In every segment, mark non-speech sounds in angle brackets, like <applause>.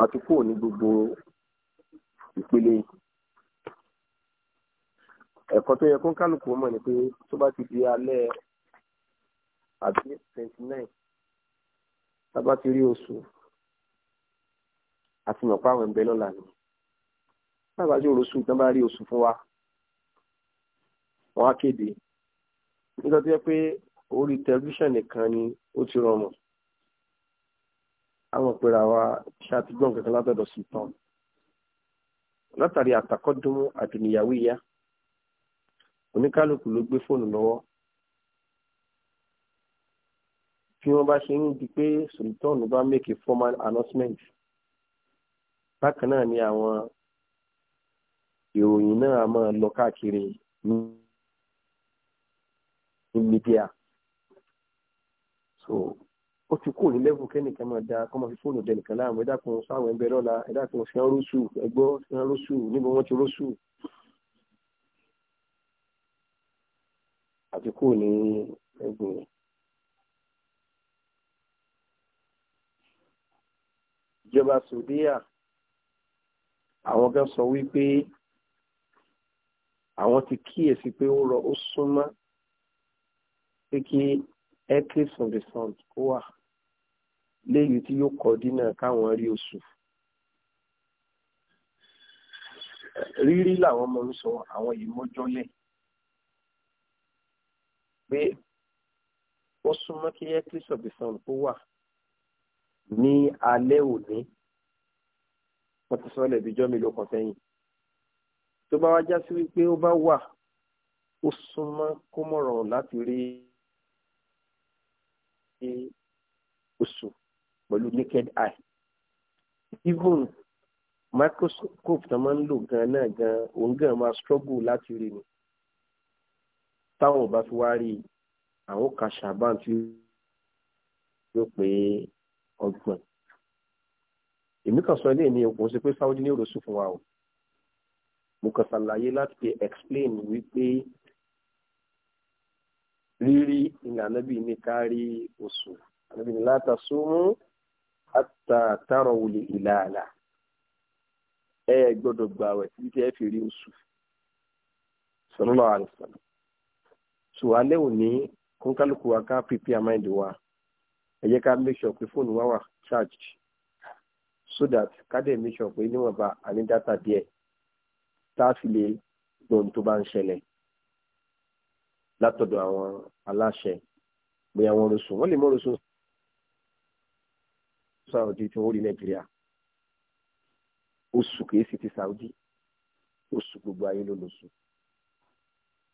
àti kúrò ní gbogbo ìpele ẹ̀kọ́ tó yẹ kó kálukú mọ̀ ni pé tó bá ti di alẹ́ àbí twenty nine tá bá ti rí oṣù àti mọ̀ páwọn ẹ̀ńbẹ́ lọ́la ni bàbá jẹ́ òrosù tán bá rí oṣù fún wa wọ́n á kéde nígbà tó yẹ pé orí tẹlifíṣàn nìkan ni ó ti rọrùn àwọn òpèrè àwa ṣe àtijọ́ kankan látọ̀dọ̀ sultan látàrí àtàkọ́dúnmú àdùnìyàwó ìyá oníkálukú ló gbé fóònù lọ́wọ́ bí wọ́n bá ṣe ń di pé sultan bá make a formal announcement bákan náà ni àwọn ìròyìn náà a máa lọ káàkiri ní mídíà so ó ti kúrò ní lẹ́bù kẹ́nìkan máa da kọ́ máa fi fóònù dẹnìkan láàmú ẹ̀dá kan sáwọn ẹ̀bẹ̀ lọ́la ẹ̀dá kan sí arósù ẹ̀gbọ́ sí arósù níbo wọ́n ti rósù. àti kúrò ní lẹ́bù yẹn. ìjọba sòdíà àwọn kan sọ wípé àwọn ti kíyèsí pé ó rọ ó súnmọ́ pé kí eclipse of the sun ó wà léyìí tí yóò kọ dínà káwọn rí oṣù rírí làwọn ọmọ ń sọ àwọn yìí mọ́jọ́lẹ̀ pé ó súnmọ́ kí eclipse of the sun tó wà ní alẹ́ òní wọ́n ti sọ lẹ́bi jọ́ mélòó kan sẹ́yìn tó bá wá já sí wípé ó bá wà ó súnmọ́ kó mọ̀ràn láti rí oṣù pẹ̀lú naked eye even microscope tó máa ń lò gan náà gan òun gan máa struggle láti rí ni táwọn ò bá fi wá rí àwọn kà ṣàbàn tí yóò pé ọgbọ̀n èmi kàn sọ ilé mi kò sí pé Saudi ní òròsù fún wa o mo kàn ṣàlàyé láti fi explain wípé rírí ìlànà bíi ní ká rí oṣù àbí látà súnmọ́ àtà tààrọ̀ wòlé ìlàlà ẹ gbọ́dọ̀ gbà wẹ̀ títí tẹ́ ẹ fi rí oṣù sallallahu alaihi wasallam so alẹ́ òní kún kálukú wa ká pp amáìdì wa ẹ jẹ́ ká make sure pé fóònù wa wà charged so that ká dẹ̀ make sure pé níwọ̀nba àní dátà díẹ̀ tá a fi lè gbọ́n tó bá ń ṣẹlẹ̀ látọ̀dọ̀ àwọn aláṣẹ bóyá wọ́n rọṣùn wọ́n lè mọ́ rọṣùn saudi tí wọ́n rí nàìjíríà oṣù kìí ti saudi oṣù gbogbo ayé ló lóṣù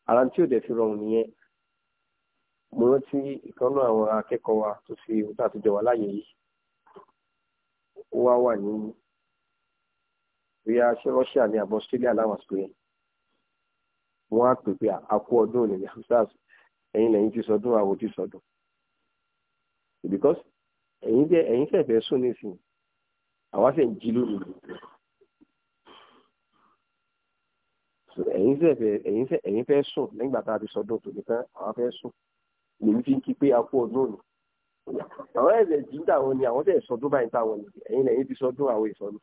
ara tí ò dẹ̀ fi rọrùn nìyẹn mo rántí ìkànnà àwọn akẹ́kọ̀ọ́ wa tó fi òtá àtijọ́ wa láàyè yìí ó wá wà ní bóyá ṣé russia ní àbọ̀ australia láwọn àsìkò yẹn wọ́n á pè pé àkú ọdún òní ní hamsas <laughs> ẹ̀yin lẹ́yìn ti sọdún àwọn sọdún because ẹ̀yin jẹ́ ẹ̀yin fẹ̀fẹ̀ sùn nísìn àwa sì ń jí lóru ẹ̀yin fẹ̀fẹ̀ ẹ̀yin fẹ̀ ẹ̀yin fẹ́ sùn nígbà tá a ti sọdún tòní tán àwa fẹ́ sùn lèmi fi ń kí pé a ọdún òní àwọn ẹ̀rẹ̀ jí táwọn ni àwọn tẹ̀ sọdún báyìí táwọn ni ẹ̀yin lẹ́yìn ti sọdún àwọn ìsọdún.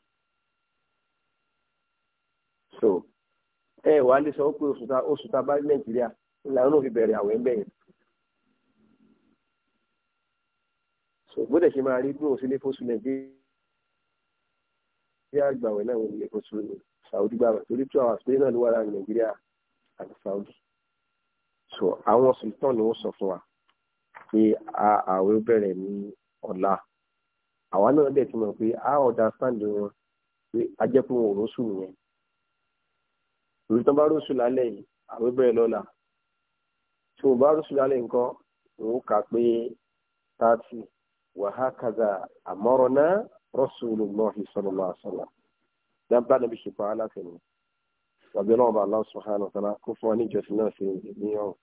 so ẹ wàá lè sọ pé oṣù ta oṣù ta bá nàìjíríà ìlànà òfin bẹ̀rẹ̀ àwẹ̀ ń bẹ̀yẹn gbọ́dọ̀ ṣe máa rí bí òun sílé fóṣù nàìjíríà gbàwẹ̀ náà wọ́n lè fóṣù Saudi gbàwẹ̀ torí two hours pé náà ló wà láàrin nàìjíríà àti Saudi so àwọn sultan ni wọ́n sọ fún wa pé ààwẹ̀ bẹ̀rẹ̀ ní ọ̀la àwa náà dẹ̀ ti mọ̀ pé a understand wọn pé ajẹ́ pé wọn ò rọ́ṣù nìyẹn torí tán bá rọ́ṣù lálẹ́ yìí ààwẹ̀ bẹ̀rẹ̀ lọ́la tí wọn bá rọ́ṣù lálẹ́ nǹkan òun kà pé thirty وهكذا أمرنا رسول الله صلى الله عليه وسلم دم بعد بشفاء على فينا وبنوب الله سبحانه وتعالى كفوا نجسنا في اليوم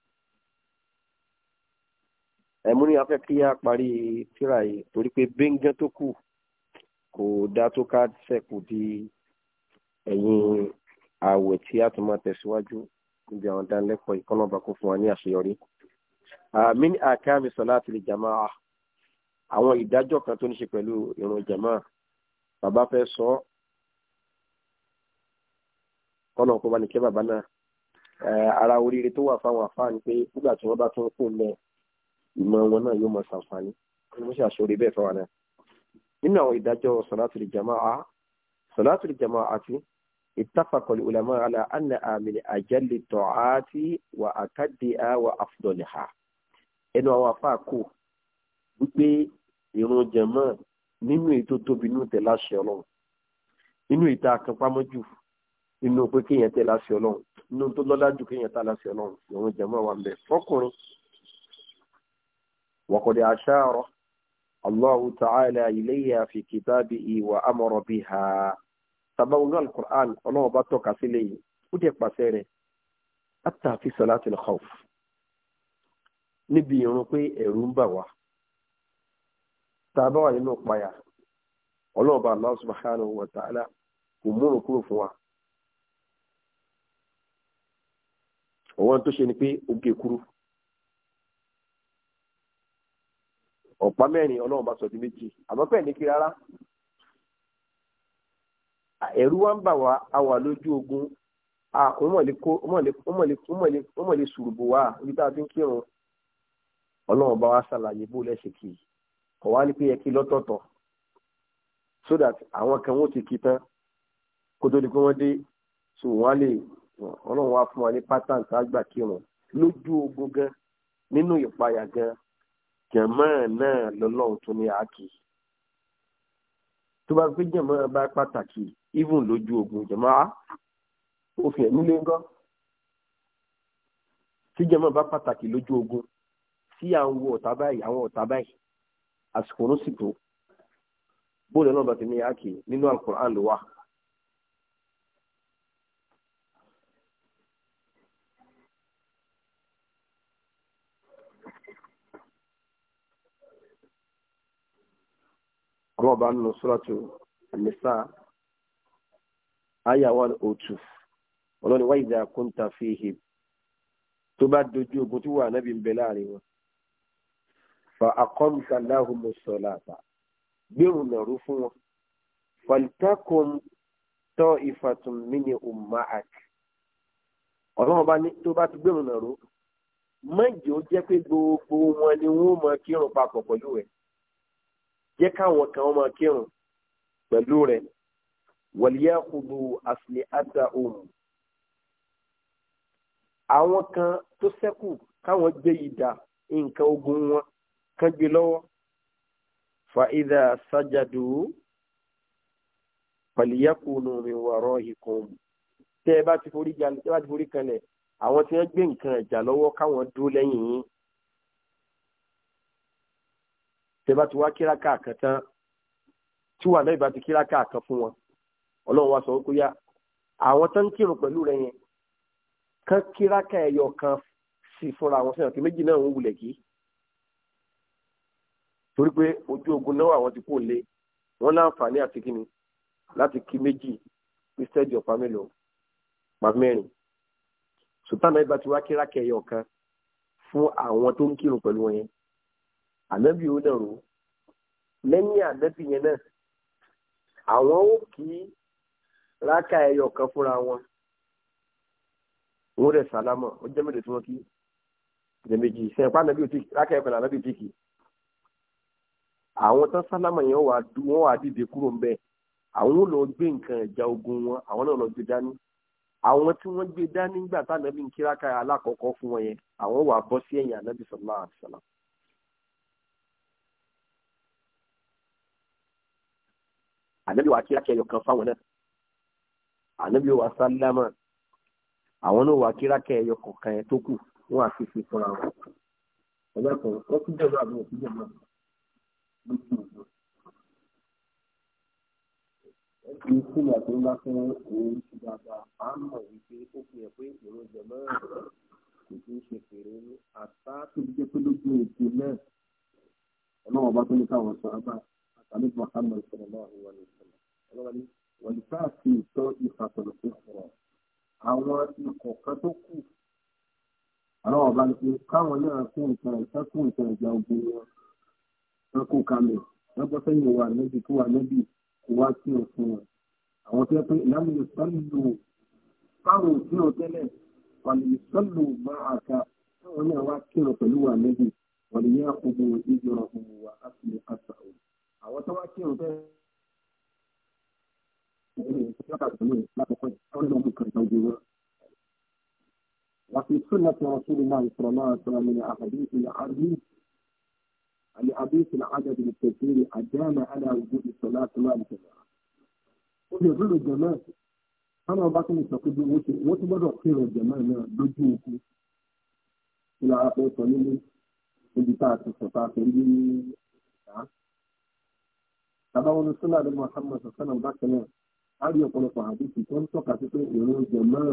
ẹmú ní afẹ́ kí á parí tíra yìí torí pé bẹ́ńgẹ́ tó kù kò dá tó ká sẹ́kù di ẹ̀yìn ààwẹ̀ tí a tún máa tẹ̀síwájú níbi àwọn ìdánilẹ́kọ̀ọ́ ìkọ́nà kó fún wa ní àṣeyọrí. min akami salati li jama'a àwọn ìdájọ́ kan tó ní ṣe pẹ̀lú ìrun jama bàbá fẹ́ sọ ọ́ kọ́nà kó bá ní kẹ́ bàbá náà ara oríire tó wà fáwọn àfáà ni pé nígbà tí wọ́n bá tún kó lẹ ìmọ̀ wọn náà yóò mọ ṣàǹfààní ni wọ́n ṣàṣọrí bẹ́ẹ̀ fáwọn náà nínú àwọn ìdájọ́ sọ̀látìrì jama a sọ̀látìrì jama àti ìtàfàkọ̀lì ulama ala anna amini ajalli tọ́àtì wa akadìá wa afdọ̀lìhà ẹnu àwọn àfáà kò wípé ìrun jẹ̀mọ́ nínú èyí tó tóbi nínú tẹ̀ láṣẹ ọlọ́run nínú ìta àkànpámọ́ jù nínú pé kéèyàn tẹ̀ láṣẹ ọlọ́run nínú tó lọ́lá jù kéèyàn tẹ̀ láṣẹ ọlọ́run ìrun jẹ̀mọ́ wà ńbẹ̀ fọkùnrin wọ̀kọ̀dẹ̀ àṣàrọ̀ allahu ta'ala ilayya fi kitabihi wa amara biha tabawunu alukur'an ọlọ́run bá tọ́ka sílẹ̀ yìí ó dẹ̀ pàṣẹ rẹ̀ hatta fi salatil khawf níbi ìrun pé ẹ̀rù ń bà wá tàbá wà nínú ìpayà ọlọ́ọ̀bà Allah subhanahu wa ta'ala kò múrò kúrò fún wa. òun tó ṣe ni pé oge kúrú ọ̀pá mẹ́rin ọlọ́run bá sọ dị méjì àmọ́ pẹ̀ ní kí rárá ẹ̀rú wa ń a wà lójú ogun sùrùbù wa níbi tá a ti ń kírun wa ṣàlàyé bó lẹ́sẹ̀ kọ̀ ní pé yẹ kí lọ́tọ̀ọ̀tọ̀ so that àwọn kan wọ́n ti kí tán kó tó di pé wọ́n dé so wọ́n á lè ọlọ́run wá fún wa ní pátán tá a gbà kírun lójú ogun gan nínú ìpayà gan jẹ̀mọ́ náà lọ́lọ́run tó ní àákì tó bá gbé jẹ̀mọ́ bá pàtàkì even lójú ogun jẹ̀mọ́ á ó fi ẹ̀mí lé ńgọ́ tí jẹ̀mọ́ bá pàtàkì lójú ogun tí à ọ̀tá báyìí àwọn ọ̀tá báyìí àsìkò ló sì tó bóòlù náà bàtí mi yà nínú alukur'an ló wà. ọlọ́ọ̀bá nínú sọ́ràtù nìsá àyà one oh two ọlọ́ni wáyé ìdá kúńtà tó bá dojú ogun wà nábì ń bẹ fa akọ́mùsà láhùmù sọ̀lá àbá gbẹ̀rù nàró fún wọn. fọ̀lìtẹ́kùn tọ́ ìfàtún mí ni ọ̀mà àti. ọlọ́run bá ní tó bá ti gbẹ̀rù nàró mọ́jọ́ jẹ́ pé gbogbo wọn ni wọ́n máa kírun papọ̀ pẹ̀lú rẹ̀ jẹ́ káwọn kan máa kírun pẹ̀lú rẹ̀ wọ̀lìyà kudu àfìlẹ̀ àdá ohun. àwọn kan tó ṣẹ́kù káwọn gbé ìdá nǹkan ogun wọn kán gbé lọ́wọ́ fa idà sájàdù pàlìyàkùnù mi wọ̀rọ̀ ìkùn tẹ́ ẹ bá ti forí tẹ́ ẹ bá ti forí kanlẹ̀ àwọn tí wọ́n gbé nǹkan ẹ̀jà lọ́wọ́ káwọn dúró lẹ́yìn yín tẹ́ ẹ bá ti wá kíráka kan tán tí wà náà ìbá ti kíráka kan fún wọn ọlọ́run wa sọ wípé yá àwọn tó ń kírun pẹ̀lú rẹ yẹn kán kíráka ẹyọ kan sí fúnra wọn sẹ́yìn ọ̀kẹ́ méjì náà ń wulẹ̀ kìí torí pé ojú ogun náà àwọn ti kó lé wọn láǹfààní àti kíni láti kí méjì kristẹdi ọ̀pá mélòó pa mẹ́rin sultana ibà ti wá kíráàkì ẹyọ kan fún àwọn tó ń kírun pẹ̀lú wọn yẹn ànábì ó dẹ̀rù lẹ́yìn ànábì yẹn náà àwọn ó kí ráàkà ẹyọ kan fúnra wọn wọn rẹ̀ sálámọ̀ ó jẹ́ mélòó tí wọ́n kí jẹ́ méjì ànábì ó ti ráàkà ẹyọ kan ànábì ó ti kì í àwọn tán sálámà yẹn wà wọ́n wà dìde kúrò ń bẹ̀ àwọn ò lọ gbé nǹkan ìjà ogun wọn àwọn náà lọ gbé dání àwọn tí wọ́n gbé dání nígbà tá ànábì ń kíráka alákọ̀ọ́kọ́ fún wọn yẹn àwọn wà bọ́ sí ẹ̀yìn ànábì sallallahu alaihi wasallam. ànábì wà kíráka ẹyọ kan fáwọn náà ànábì wà sálámà àwọn náà wà kíráka ẹyọ kọ̀ọ̀kan yẹn tó kù wọ́n àfihàn fúnra wọn. ọ̀gá kan wọ́n tún jẹ́ ọ̀gá àbúrò tún jẹ́ ọ̀gá àbúrò lójú òjò ẹbí sílẹ̀ tó ń bá fẹ́ òun ti dáadáa á mọ̀ wípé ó fi hàn pé ìrún jẹ̀mọ́ ẹ̀rọ kò tún ṣe fèrè ní àtà tó ti jẹ́ pé lójú òjò náà ọlọ́wọ́n bá tó ní káwọn sọ abá àtàlẹ́ fún àmọ̀ ìṣẹ̀lẹ̀ náà wà ní ìṣẹ̀lẹ̀ ọlọ́wọ́n ní wọ́n ti sáà sí ìtọ́ ìfàsọ̀rọ̀ tó sọ̀rọ̀ àwọn ikọ̀ kan tó kù àwọn ọ̀bá ní pé káwọn náà kún nǹkan ìṣẹ́kùn ìṣẹ̀lẹ̀ ìjà ogun wọn wọn kó kalẹ̀ wọn bọ́ sẹ́yìn wa níbi tó wà níbi kó wá sí ọ̀sùn wọn. àwọn tó yẹ pé ìlànà ìsọ́lù fáwọn òfin ọ̀tẹ́lẹ̀ wàlẹ̀ ìsọ́lù máa àka táwọn náà wá kírun pẹ̀lú wa níbi wàlẹ̀ yẹn àkókò ìjọra òwò wa á lè kàtà o. àwọn tó wá kírun bẹ́ẹ̀ وفي سنة رسول الله صلى الله عليه وسلم من أحاديث العربي الحديث العدد الكثير أدام على وجود الصلاة مع الجماعة وجود الجماعة أنا باكم يستقبل وشي وتبرع خير الجماعة بجوك إلى آخر صليل ibi tá a ti sọ tá a fi rí ìyá. Bàbá wọn ní Sọ́lá Adébọ̀ Muhammad Sọ́sánà bákan náà, a rí ọ̀pọ̀lọpọ̀ àdìsí tó ń tọ́ka sí pé ìrún oúnjẹ náà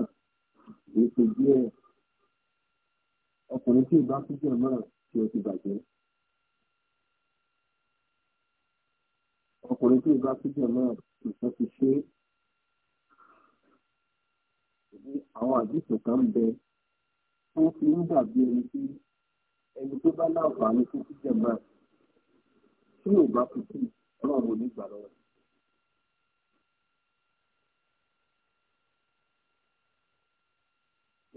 èso díẹ̀. Ọkùnrin tí ìbá tún jẹ̀ náà ṣe ti bàjẹ́. ọkùnrin tó bá síjọ náà nǹkan ti ṣe àwọn àdìsùn kan ń bẹ ó fi ń dàbí ẹni tí ẹni tó bá láǹfààní fún síjọ náà tí ò bá fi kí ọlọ́run onígbà lọ́wọ́.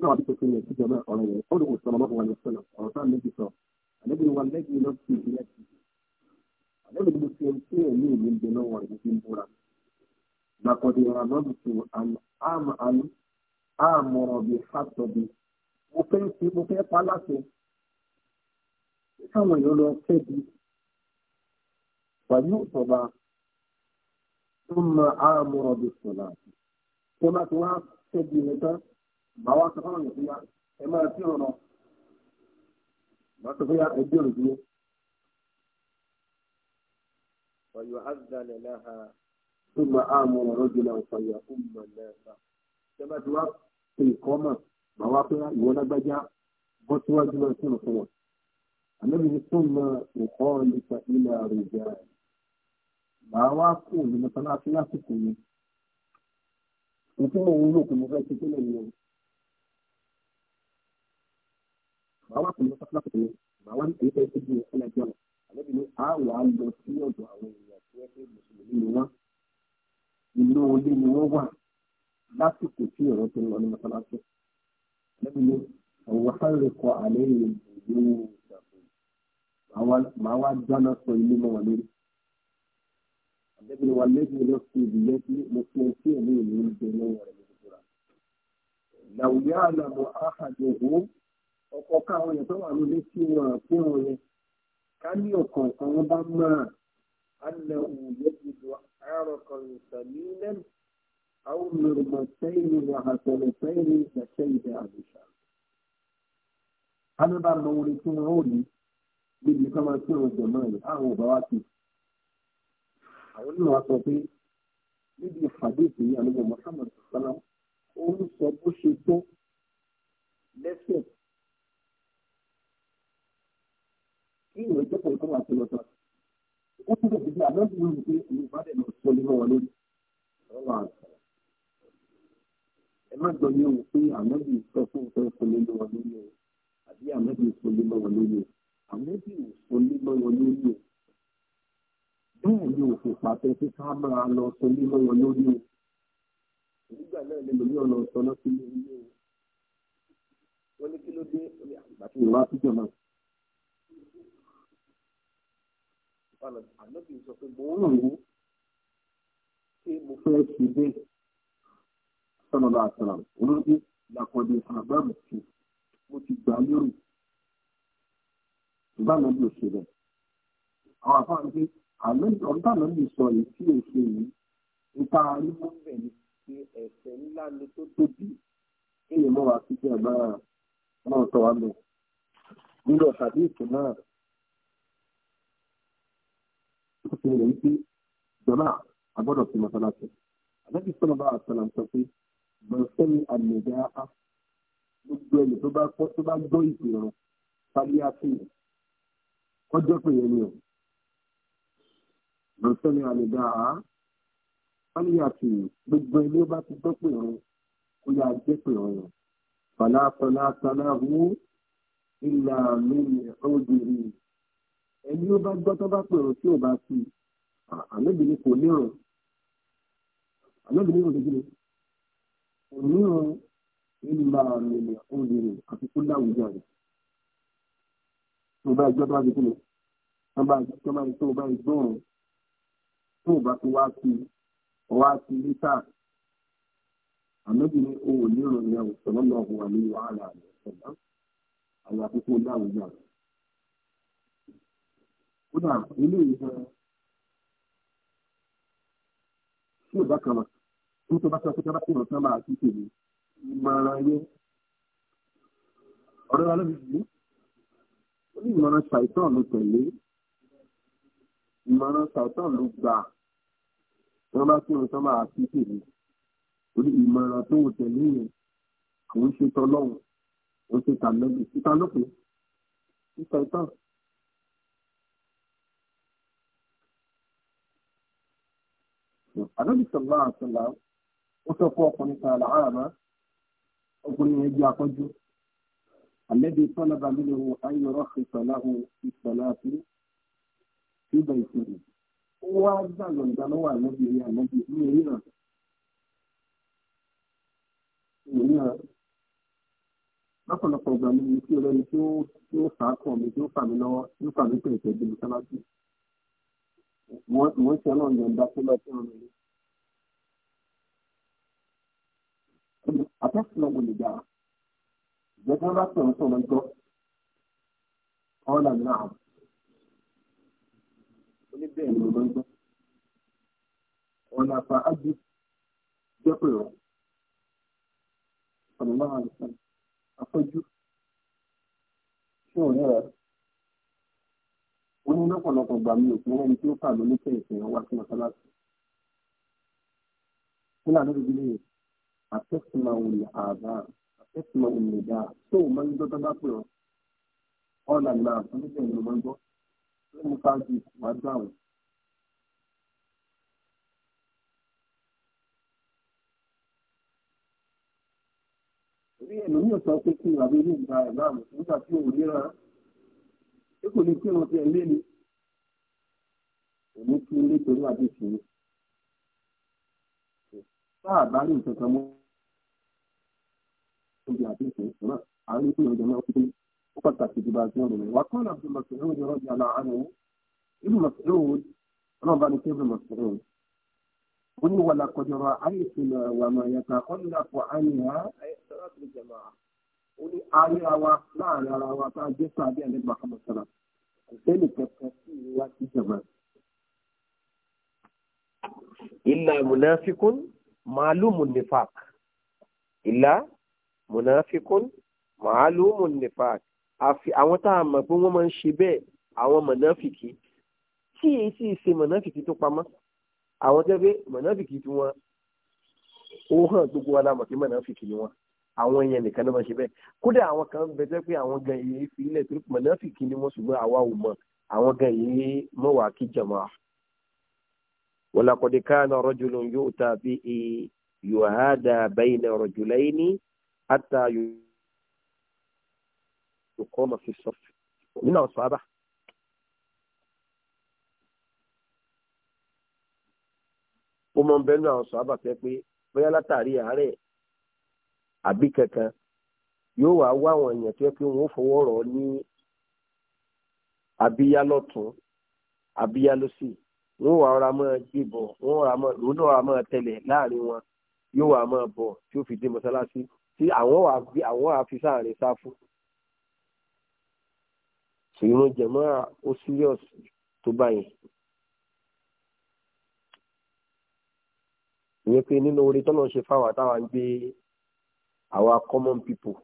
náà àdìsùn kan yẹn síjọ náà ọ̀rọ̀ yẹn ó lè wò sọ̀rọ̀ lọ́wọ́ wọn ní sọ̀rọ̀ ọ̀rọ̀ sáà méjì sọ àlejò wa lẹ́gbẹ̀ẹ́ lọ́sí ìdílé lẹ́yìn mo fi ẹni ẹ̀mí mi ń bẹ lọ́wọ́ rẹ̀ níbi ń búra lakọ̀dé ramọ́bùtù àmọ́ àmọ̀ràn bíi fàtọ̀bí mo fẹ́ ṣe mo fẹ́ pa láṣẹ káwọn èèyàn lọ kẹ́bi pẹ̀lú ìtọ́ba tó mọ àmọ̀ràn bíi sọ̀lá tí wọ́n bá ti wá kẹ́bi rẹ̀ tán màá wá sọ fáwọn èèyàn fúyà ẹ máa fi ọ̀rọ̀ màá sọ fúyà ẹ bí ọ̀rọ̀ dúró. ويؤذن لها ثم آمر رجلا فيؤم الناس كما توقف في القومة مواقع ونبجع بطوة جمال سنة سنة النبي ثم يخالف إلى رجال مواقع من ثلاث لا تكون يتم ولوك مغاية اليوم مواقع من ثلاث لا تكون مواقع من ثلاث لا تكون àlẹ́bí ni a wà á lọ sí ọ̀dọ̀ àwọn èèyàn tí wọ́n fẹ́ mùsùlùmí ni wọ́n inú ilé ni wọ́n wà lásìkò tí ọ̀rọ̀ tó ń lọ ní mọ́sálásí àlẹ́bí ni àwọn sáré kọ àlẹ́ ìlú ìṣàkóso màá wá dáná sọ ilé mọ́ wọn lórí àlẹ́bí ni wà lẹ́bí lọ sí ìdílé tí mo fi ohun tí èmi ìlú ń gbé lọ́wọ́ rẹ̀ lójú ra làwùyá àlàmọ́ àhàjò hó ọkọ̀ káwọn yẹn tó wà lórí tí wọ́n fún wọn yẹn ká ní ọ̀kọ̀ọ̀kan wọn bá máa ana òye ìlú àárọ̀kan ìsàlílẹ̀ àwọn mẹrùmọ̀tẹ́yìn wàhásẹ̀lẹ̀tẹ́yìn ìgbàsẹ́yìn àbùsà. ká ló bá mọ orin tí wọn ó rí níbi ká máa tún ọjọ́ náà yìí àwọn ò bá wá sí. àwọn náà wá sọ pé níbi ìpàdé ìpínlẹ̀ àlùbọ̀ sọ́lá ó ń sọ bó ṣe tó lẹ́sẹ̀ kí ìwé tó kọ̀ tó wà tó lọ sọ. ó túbọ̀ sí bí àlọ́jù ló ń pè é ìwé ìbádẹ́ lọ sọ nínú wọn lórí. ẹ má gbọ́ yẹn o pé àlọ́jù sọ fún ìfẹ́ ìfọlẹ́ lọ wọn lórí o àbí àlọ́jù ìfọlẹ́ lọ wọn lórí o àlọ́jù ìfọlẹ́ lọ wọn lórí o. bẹ́ẹ̀ pàtẹ pé ká máa lọ sọ nínú wọn lórí o. nígbà náà ni lómi ọ̀nà ọ̀sán náà ti lé o. wọ́n ní kí ló dé àgbà tí ìwà àtijọ́ náà. fàlọ ànábì sọ pé mo ń rò ó pé mo fẹ́ ṣe bẹ́ẹ̀ sọlọ́lá àtàrà olóògbé làkọ́dé àbámu tí mo ti gbà lérò ṣùgbọ́n ànábì ò ṣe bẹ́ẹ̀ àwọn àfáà ń pé ọ̀dọ́ ànábì sọ èyí tí ò ṣe yìí nípa arímọ́ bẹ̀ ni pé ẹ̀ṣẹ̀ ńlá ni tó tóbi kí ni mo wà sí ti ẹ̀gbọ́n náà tọ́ wa lọ nílò tàbí ìtò náà tó fi rẹ̀ wípé jọ̀nà àgbọ̀dọ̀ fi mọ́sálásí. àbẹ́bí sọ̀rọ̀ bá àṣàlà sọ pé bọ̀sẹ́ni àmìẹ̀dá á gbogbo ẹni tó bá kọ́ tó bá gbọ́ ìpè ọ̀rọ̀ pálíà sí i ọjọ́ pé yẹn ni o bọ̀sẹ́ni àmìẹ̀dá á pálíà sí i gbogbo ẹni ó bá ti gbọ́ pé ọ̀rọ̀ kó yá jẹ́ pé ọ̀rọ̀ fàlàfàlà sàlàhù ìlànà ìrìn ẹni ló bá gbọ́ tó bá pè ọ́ tí ò bá fi ànábìnrin kò nírun ànábìnrin kò dégbé kò nírun ìlà àmìlẹ̀ òǹdìrì àti kó láwùjọ rẹ̀ tó bá gbọ́ tó bá fi kíni tó bá tó bá tó bá gbọ́rùn tó bá tó wá fi wá fi lítà ànábìnrin òǹdìrì ìyàwó sọlọ́nà ọ̀hún àmì wàhálà rẹ̀ sọ̀dá àwọn àkókò láwùjọ rẹ̀ kódà ilé ìjọba tí ò bá kan wà tí tó bá sọ pé tábà tí ìrọ̀tán máa ti tèmi ìmọ̀ràn ayé ọ̀rẹ́ wa lóbi yìí ó ní ìmọ̀ràn ṣàìtàn ló tẹ̀lé ìmọ̀ràn ṣàìtàn ló gbà tí wọ́n bá tí ìrọ̀tán máa ti tèmi ó ní ìmọ̀ràn tó ń tẹ̀lé yẹn kò ṣe tọ́lọ́hún ó ń ṣe tàlẹ́bù síta lópin síta ìtàn. àdóbi sọ̀rọ̀ àtọ̀là ó sọ fún ọkùnrin kan àlàáàmá ọkùnrin yẹn jẹ́ akọ́jú àlẹ́bí tọ́lábà nínú ayọ̀rọ̀ ìsọ̀láhùn ìsọ̀láhùn ìgbà ìṣòro ó wá gbà yọ̀ǹda lọ́wọ́ àlẹ́bí rí àlẹ́bí ní ìrìnà ìrìnà lọ́pọ̀lọpọ̀ ọgbà mi ni kí ọlọ́ni tí ó tí ó fà á kàn mí tí ó fà mí lọ́wọ́ tí ó fà mí pẹ̀lú ìtẹ́jú mi sábà jù wọ́n ti ọlọ́run yọ̀ǹda tó lọ́ọ́ fún ọmọ mi. tẹ́sílẹ̀ wò lè dára ìjẹ́ tí wọ́n bá tẹ̀wọ́n sọ̀rọ̀ gbọ́ ọ̀là náà oníbẹ̀ ni ọ̀rọ̀ gbọ́ ọ̀nà àpá ájú jẹ́ pé rọ̀ ọ̀nà náà àlùfáà afọ́jú tí ò rẹ̀ rẹ̀ ó ní lọ́pọ̀lọpọ̀ gbà mí òkú ẹni tí ó kà lóníkẹ́ ìsìn wá sí mọ́sálásí. Kí ìdílé yìí? àtẹ́sìmọ̀ òní àbá àtẹ́sìmọ̀ òní ìdá tó o máa ń gbọ́ tọ́gbà pé ọ́ ọ̀là náà àtúnṣe ìlú máa ń gbọ́ ló mú káàdì wàá dá àwọn. orí ẹ̀ lóyún sọ pé kí ìwà bíi nígbà ẹ̀gbá àmọ̀ nígbà tí òun níra ẹ kò ní kí wọn ti ẹ̀ lé ni òun kí ń lé torí àdéhùn yìí. Sáà ní nǹkan mọ́ oúnjẹ àti ìfẹ́ náà àwọn ilé ìjọ náà kúkú ó pàtàkì ìdìbò àti ọ̀rọ̀ rẹ̀ wà kọ́ńtà àti màsìlẹ̀ òun yọrọ̀ di àlà àánú ibi màsìlẹ̀ òun ọlọ́run bá ní kí ibi màsìlẹ̀ òun. ó ní wàlà kọjọrọ àìsìnà wà máa yàtà ọ̀nà àpọ̀ àníyá ó ní ayé wa láàrin ara wa tá a munafikun màálùmùn nifaq àfi àwọn tá a mọ̀ pé wọ́n máa ń ṣe bẹ́ẹ̀ àwọn mọ̀nàfìkì tí èyí sì ṣe mọ̀nàfìkì tó pamọ́ àwọn tẹ́ pé mọ̀nàfìkì tí wọ́n ó hàn gbogbo wa lámọ̀ pé mọ̀nàfìkì ni wọ́n àwọn èèyàn nìkan ló máa ṣe bẹ́ẹ̀ kódà àwọn kan bẹ tẹ́ pé àwọn gan èyí fi ilẹ̀ torí mọ̀nàfìkì ni wọ́n ṣùgbọ́n àwa ò mọ̀ àwọn gan èyí mọ̀ wá kí jàmọ́ à. walaqad kana rajulun yu'ta bihi àtà yòókù ọmọ fi sọ nínú àwọn sọ́ábà. ó mọ bẹ́ẹ̀ nínú àwọn sọ́ábà látàrí àbí kankan yóò wá wá àwọn èèyàn tó yẹ wọ́n fọwọ́ ní abíyá lọ́tún abíyá lọ́sì wọ́n wà ra mọ́ láàrin wọn yóò wà máa bọ̀ tí ó fi dé mọ́sálásí tí àwọn wà bí àwọn àfi sáàrin sá fún ìrún jẹ̀mọ́ ó serious tó báyìí ìyẹn pé nínú orí tọ́nà ṣe fáwọn àtàwọn ń gbé àwa common people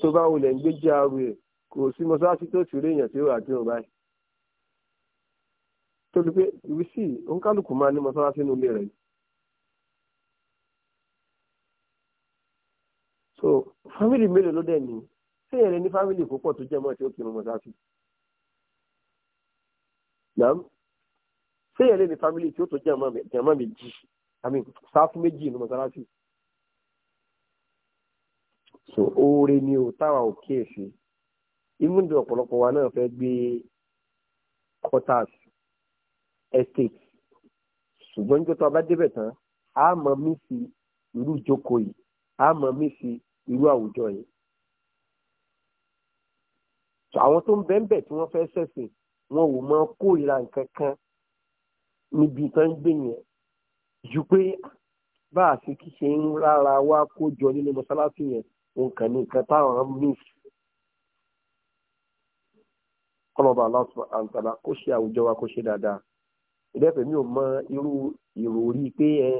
tó bá wulẹ̀ ń gbé jẹ́ àwẹ̀ kò sí mọ́sáàsì tó sì rí èèyàn tí ó rà dín òun báyìí tó lè pé ìrísí òǹkálùkù máa ní mọ́sáàsì nínú rẹ̀ ni. fámìlì mélòó ló dẹ̀ ní sẹ́yìn rẹ̀ ní fámìlì púpọ̀ tó jẹ́ mọ́ tí ó kírun mọ́sáàsì nàám sẹ́yìn rẹ̀ ní fámìlì tí ó tó jẹ́ mọ́ méjì àmì sáfù méjì ní mọ́sáàsì so oore ni o táwa ò kíyèsí imúndùn ọ̀pọ̀lọpọ̀ wa náà fẹ́ gbé quarters estate ṣùgbọ́n nígbà tó a bá débẹ̀ tán a mọ̀ mí sí irú ìjókòó yìí a mọ̀ mí sí irú àwùjọ yìí. àwọn tó ń bẹ́ńbẹ̀ tí wọ́n fẹ́ ṣẹ̀sìn wọn ò mọ kórìíra nǹkan kan níbi tán ń gbé yẹn ju pé bá a ṣe kí ṣe ń rárá wá kó jọ nínú mọ́ṣáláṣí yẹn nǹkan ní nǹkan táwọn mìíràn kọlọba aláṣọ àǹtàlà kó ṣe àwùjọ wa kó ṣe dáadáa ìdẹ́fẹ̀ẹ́ mi ò mọ irú ìròrí pé ẹ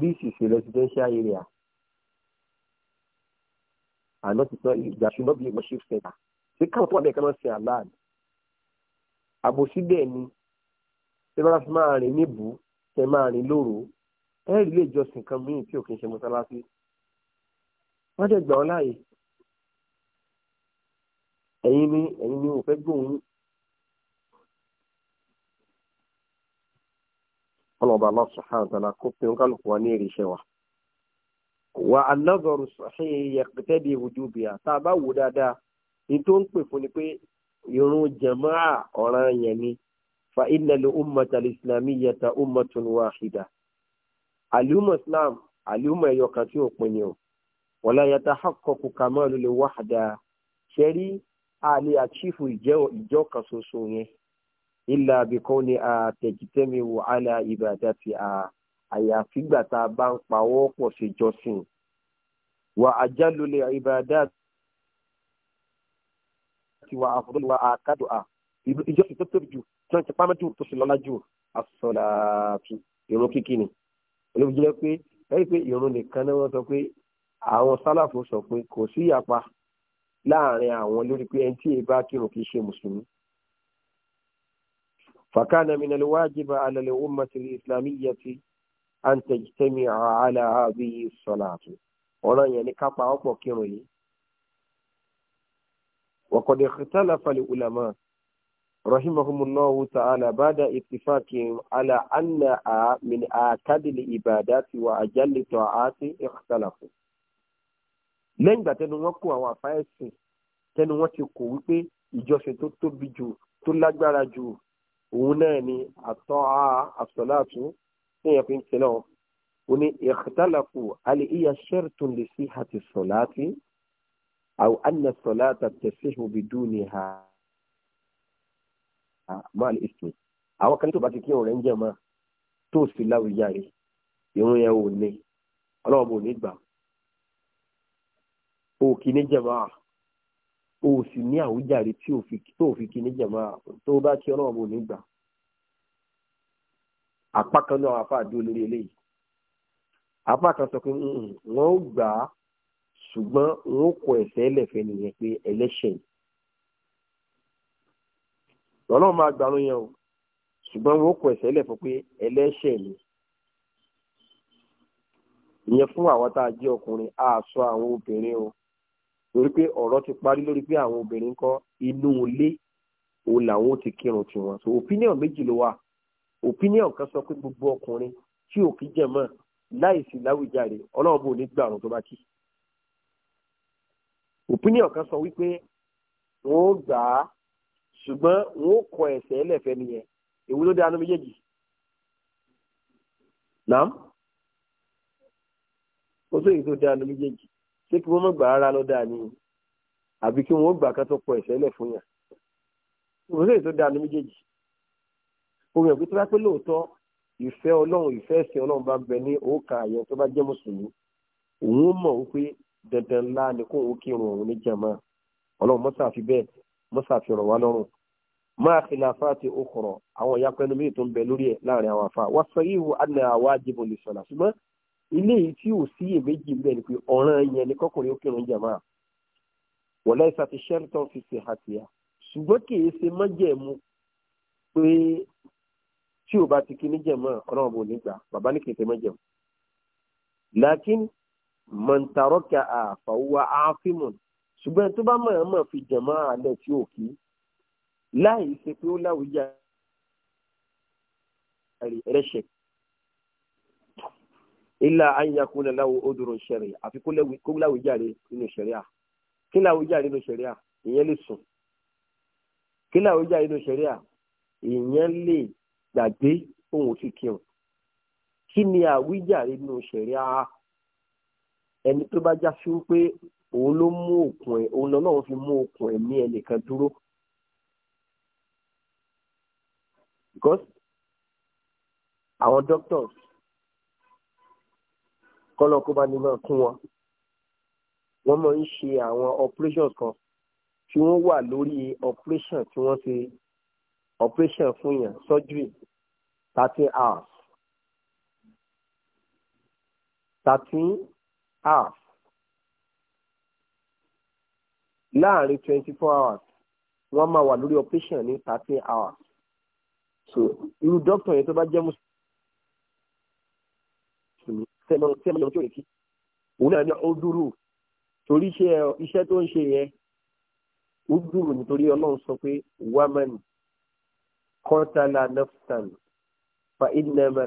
this is a residential area are not it's not there should not be a worship center ṣé káwọn tó what they cannot wọ́n ṣe aláàd àbòsí bẹ́ẹ̀ ni ṣé bá fi máa rìn níbù ṣe in rìn lóru ẹ̀rí ilé ìjọsìn kan míì tí ò kì í ṣe mọ́sálásí wọ́n dẹ̀ gbà ọ́ láàyè ẹ̀yin ni ẹ̀yin ni ò fẹ́ gbóhùn yín. ọlọ́ba aláṣọ hàn tán kó pe ń kálukú wa ní èrè iṣẹ́ wà anọ́gọ̀rù ṣe yẹ̀kẹ́tẹ́bí wùjúbìà tá a bá wò dáadáa ní tó ń pè fún ni pé irun jẹ̀máà ọ̀ràn yẹn ni fa innal ummata al-islamiyyata ummatun wahida àlùmọ̀ islam àlùmọ̀ ẹ̀yọ̀ kan tí ò pin ni o wala yatahaqqaqu kamalu al-wahda ṣẹ́rí àlè àchífù ìjọ kan ṣoṣo yẹn illa bi kawni àtẹ̀jítẹ́mi wò ala ibadati à àyàfi gbà tá a bá ń pawọ́ pọ̀ ṣe jọ́sìn wà àjálulẹ̀ ìbàdà ti wà àfọdún wà àkádùn à ìjọsìn tó tóbi jù tí wọ́n ti pamọ́ jù tó sì lọ́lá jù àsọ̀làtù ìrun kíkí ni olóògùn jẹ́ pé lẹ́yìn pé ìrun nìkan ni wọ́n sọ pé àwọn sálàfò sọ pé kò sí ìyapa láàrin àwọn lórí pé ẹni tí èyí bá kírun kì í ṣe mùsùlùmí فكان من الواجب على الأمة الإسلامية an tajtami'a ala hadhihi salati ọ̀ràn yẹn ní kápá ọ̀pọ̀ kírun yìí. wa qad ikhtalafa al-ulama rahimahumullahu ta'ala ba'da ittifaqihim ala annaha min akadi al-ibadati wa ajalli ta'ati ikhtalafu. lẹ́yìn ìgbà tẹnu wọn kó àwọn àfáyẹ̀sìn tẹnu wọn ti kò wípé ìjọsìn tó tóbi jù tó lágbára jù òun náà ni àtọ́ àṣọláàtún téèyàn fi ń ṣe lọ́wọ́ ó ní ìkìtàlàkù àlè ìyá ṣẹ́rìtún lè sí àti sọ̀láàtì àwọn àna sọ̀láàtà tẹ̀síhùn bìdú ni ha máa lè sùn àwọn kan tó bá ti kí òun rẹ̀ ń jẹ́ máa tó sì láwùjáre ìrún yẹn ò ní ọlọ́run bò ní gbà o kì ní jẹ̀mọ́ à o sì ní àwùjáre tí o fi kí ní jẹ̀mọ́ à tó bá kí ọlọ́run bò ní gbà apá kan náà àfa àdó lórí eléyìí apá kan sọ pé wọn ò gbà á ṣùgbọ́n wọn ò kọ ẹ̀sẹ̀ ẹlẹ́fẹ̀ nìyẹn pé ẹlẹ́ṣẹ̀ lọ́lọ́run máa gbà lóyún o ṣùgbọ́n wọn kọ ẹ̀sẹ̀ ẹlẹ́fẹ̀ pé ẹlẹ́ṣẹ̀ ni ìyẹn fún àwọn tá a jẹ́ ọkùnrin a sọ àwọn obìnrin o torí pé ọ̀rọ̀ ti parí lórí pé àwọn obìnrin kọ́ inú ilé òun làwọn ti kírun tiwọn so opinion méjì ló wà opinion kan sọ pé gbogbo ọkùnrin tí ò kí jẹ mọ láìsí láwùjáre ọlọ́run bò ní gbàrún tó bá kí opinion kan sọ wípé wọn ò gbà á ṣùgbọ́n wọn ò kọ ẹ̀sẹ̀ ẹlẹ́fẹ̀ nìyẹn èwo ló dé anú méjèèjì nàám ó tó èyí tó dé anú méjèèjì ṣé kí wọ́n mọ̀ gbà rárá ló dá ní àbí kí wọ́n ó gbà kan tó kọ ẹ̀sẹ̀ ẹlẹ́ fún yàn òun lè tó dá ní méjèèjì orí ẹ̀gbẹ́ tó bá pé lóòótọ́ ìfẹ́ ọlọ́run ìfẹ́ ẹ̀sìn ọlọ́run bá bẹ ní òǹkà àyẹ tó bá jẹ́ mùsùlùmí òun mọ̀ wípé dandan ńlá ni kó òun kírun òun ní jàmá ọlọ́run mọ́sà fi bẹ́ẹ̀ mọ́sà fi rọ̀ wá lọ́rùn máa fi làáfà ti okùrọ̀ àwọn ìyá pẹ́ẹ́nu míì tó ń bẹ lórí ẹ̀ láàrin àwọn àfa wá sọ yìí àná àwa jìbò lè sọ̀lá ṣùgbọ́n ilé yìí tí ò sí èméjì ń bẹ ni pé ọ̀ràn yẹn ni kọ́kùnrin ó kírun jàmá wọ̀lẹ́ ìsàtìṣẹ́rìtàn fi ṣe àtìyà ṣùgbọ́n kì í ṣe mọ́jẹ̀mú pé tí o bá ti kí ní jẹ̀mọ́ ọlọ́run bò ní gbà bàbá ní kìí ṣe mọ́ jẹ̀mọ́. lakin mọ̀ntàrọ́kà àfàwọ́ àáfíìmùn ṣùgbọ́n tó bá mọ̀ mọ̀ fi jẹ̀mọ́ alẹ́ tí ò kí láì ṣe pé ó láwùjá ẹlẹ́ṣẹ̀. ilà ayakuna láwo odòrò ṣẹ̀rẹ̀ àfi kó láwùjáre nínú ṣẹ̀ríà kí láwùjáre nínú ṣẹ̀ríà ìyẹn lè sùn kí láwùjáre nínú ṣẹ̀ríà ìyẹn lè gbàgbé òun ò sì kírun kí ni àwíjàre nínú ṣẹ̀ríà ẹni tó bá já sí wípé òun ló mú òkun ẹ̀ òun lọ́nà òun fi mú òkun ẹ̀mí ẹnìkan dúró because àwọn doctors kọ́lọ́ kó bá ní máa kún wọn wọ́n máa ń ṣe àwọn operations kan tí wọ́n wà lórí operation tí wọ́n ṣe operation fún yàn surgery thirteen hours thirteen hours láàrin twenty four hours wọ́n máa wà lórí operation ní thirteen hours so irú doctor yẹn tó bá jẹ́ mùsùlùmí sẹ́mi sẹ́mi ọjọ́ ìkí òun náà ní ọdúró torí iṣẹ́ tó ń ṣe yẹn ọdúró nítorí ọlọ́run sọ pé wàmẹ́nì kọ́ńtàlá nẹ́fùtàn فإنما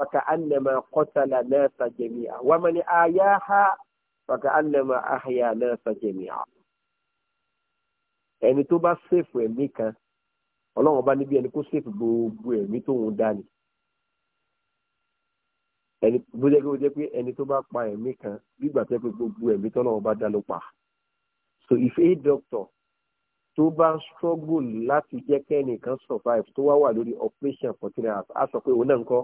فكأنما قتل ناس جميعا ومن آياها فكأنما أحيا ناس جميعا ẹni tó bá ṣèfù ẹ̀mí kan ọlọ́run ọba níbi ẹni kó ṣèfù gbogbo ẹ̀mí tóun dání ẹni bó jẹ́ pé ó jẹ́ pé ẹni tó bá pa ẹ̀mí kan gbígbà tó jẹ́ pé gbogbo ẹ̀mí tọ́lọ́run ọba dá ló pa so if a doctor tó bá ń struggle láti jẹ́ kẹ́nìkan survive tó wá wà lórí operation for three hours á sọ pé òun náà ń kọ́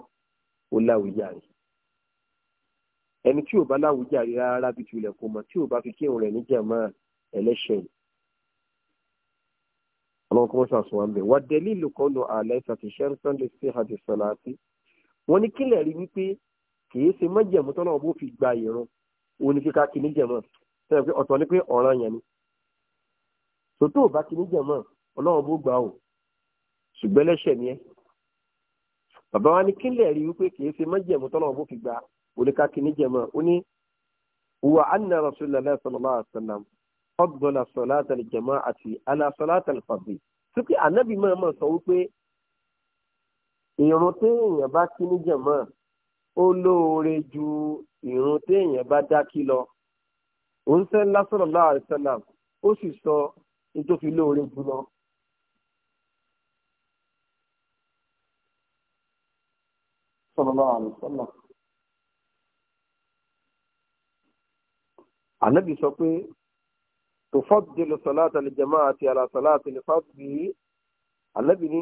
ó láwùjáre ẹni tí ò bá láwùjáre rárá bí tilẹ̀ kò mọ̀ tí ò bá fi kírun rẹ̀ níjàmá ẹlẹ́ṣẹ̀ yìí àwọn kan sọ àsùnwọ̀n ń bẹ̀ wá délé ìlúkọ́ lọ àlẹ́ ìsàtì sẹ́ńtọ́n lè ṣe àti sọ̀lá àti wọ́n ní kílẹ̀ rí wípé kìí ṣe mọ́jẹ̀mú tọ́lọ́wọ́ bó fi gba ìrun òun ní kíkà kí níjẹ̀mọ́ sẹ́yìn ọ̀tọ̀ ni pé ọ̀ràn yẹn ni tòótó òbá ti níjàmọ́ ọlọ́run bó gbà ó ṣùgbọ́n ẹlẹ́ṣẹ̀ ni ẹ́ bàbá wa ní kílẹ̀ rí wípé kìí ṣe májẹ̀mú tọ́lọ́run bó fi gbà oníkàkí níjàmọ́ ó ní wà á nà rasulullah sallallahu alaihi wasallam fadala salata al-jama'ati ala salata al-fardhi sókè ànábì máa máa sọ wípé ìrun téèyàn bá kí níjàmọ́ ó lóore ju ìrun téèyàn bá dá kí lọ òun sẹ́ sallallahu alaihi wasallam ó sì sọ nítorí lóore jùlọ. sallallahu alaihi wasallam. Ànábì sọ pé tufaddilu salata al-jama'ati ala salati al-fardhi Ànábì ní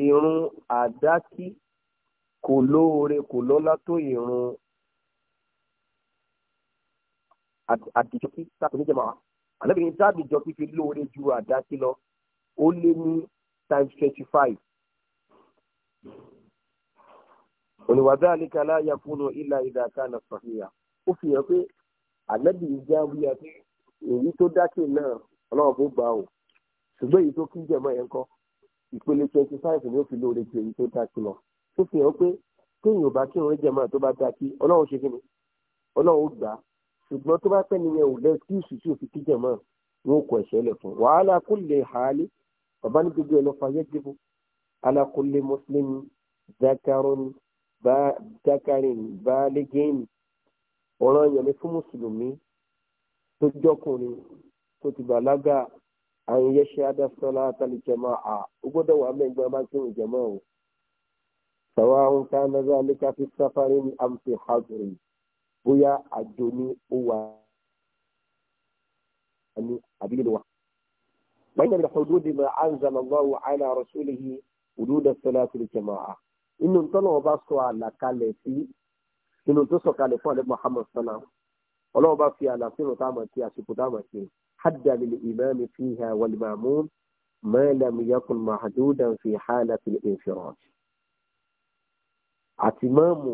ìrun àdákí kò lóore kò lọ́lá tó ìrun àdìjọ́kí tàbí jama'a alábìrin táàbì jọ fífi lóore ju àdásí lọ ó lé ní times twenty five. oníwàdà àlékalá yakunu ilà ìdàkà náà sọ̀hìyà ó fi hàn pé ànábì ìjà wíyà pé èyí tó dákè náà ọlọ́run bó gbà ó ṣùgbọ́n èyí tó kí jẹ̀mọ́ yẹn kọ́ ìpele twenty five ni ó fi lóore ju èyí tó dákè lọ ó fi hàn pé kéèyàn bá kí òun jẹ̀mọ́ tó bá dákè ọlọ́run ṣe kí ni ọlọ́run ó gbà á ṣùgbọ́n tó bá pẹ́ nìyẹn ò lẹ́ kí ìṣù tí ò fi kíjẹ̀ mọ́ wọn kọ ẹ̀ṣẹ̀ lẹ̀ fún wàhálà kò lè hàálí bàbá ní gbogbo ẹ̀ lọ fà yẹ́ dìbò alákòlè mùsùlùmí zakarun zakarin baalegeni ọ̀ràn yẹn ni fún mùsùlùmí tó jọkùnrin tó ti bàlágà àyẹ̀yẹ́ṣẹ́ adásọ́lá àtàlìjẹmọ́ à ó gbọ́dọ̀ wà mẹ́gbẹ́ bá ń kírun bóyá àjò ni ó wà ní àbílẹ̀ wa. Báyìí náà hudud ma anzala Allahu ala rasulihi hudud as-salati al-jama'a. Inú tọ́nà ọba sọ àlàkalẹ̀ sí inú tó sọ̀kalẹ̀ fún àlẹ́ Muhammad Sallam. Ọlọ́run bá fi àlàfin ọ̀tá àmọ̀ sí àsìkò tá àmọ̀ sí. Hadda lil imami fiha wal ma'mum ma lam yakun mahdudan fi halati al-infirad. Àti máàmù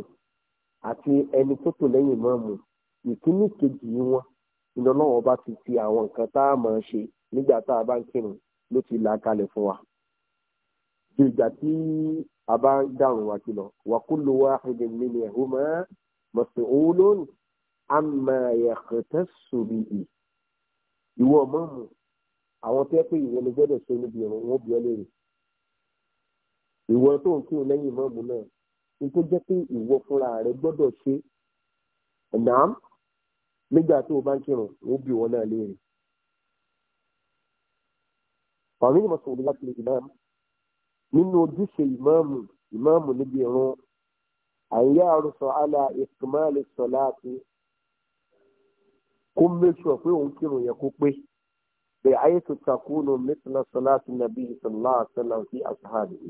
àti ẹni tó tò lẹ́yìn ìmáàmù ìkíní kejì wọn iná náà wọn bá ti fi àwọn nǹkan tá a máa ṣe nígbà tá a bá ń kírun ló ti là kalẹ̀ fún wa. ju ìgbà tí a bá ń dàrún wa kí lọ wa kullu wahidin minhuma mas'ulun amma yahtassu bihi. ìwọ mọ́mù àwọn tẹ́ pé ìwọ ló gbọ́dọ̀ ṣe níbi ìrùn wọn bí ọ lè rè. ìwọ tó ń kírun lẹ́yìn mọ́mù náà ní tó jẹ́ pé ìwọ fúnra rẹ gbọ́dọ̀ ṣe ẹ̀nàm nígbà tó o bá ń kírun ó bí wọn náà léèrè. àwọn mímọ sọ̀rọ̀ láti lè imam nínú ojúṣe ìmáàmù ìmáàmù níbi ìrun àyè àrùsọ àlà ìkùnmọ́lẹ̀ sọ láti kó mẹ́sùn pé òun kírun yẹn kó pé. بحيث تكون مثل صلاة النبي صلى الله عليه وسلم في أصحابه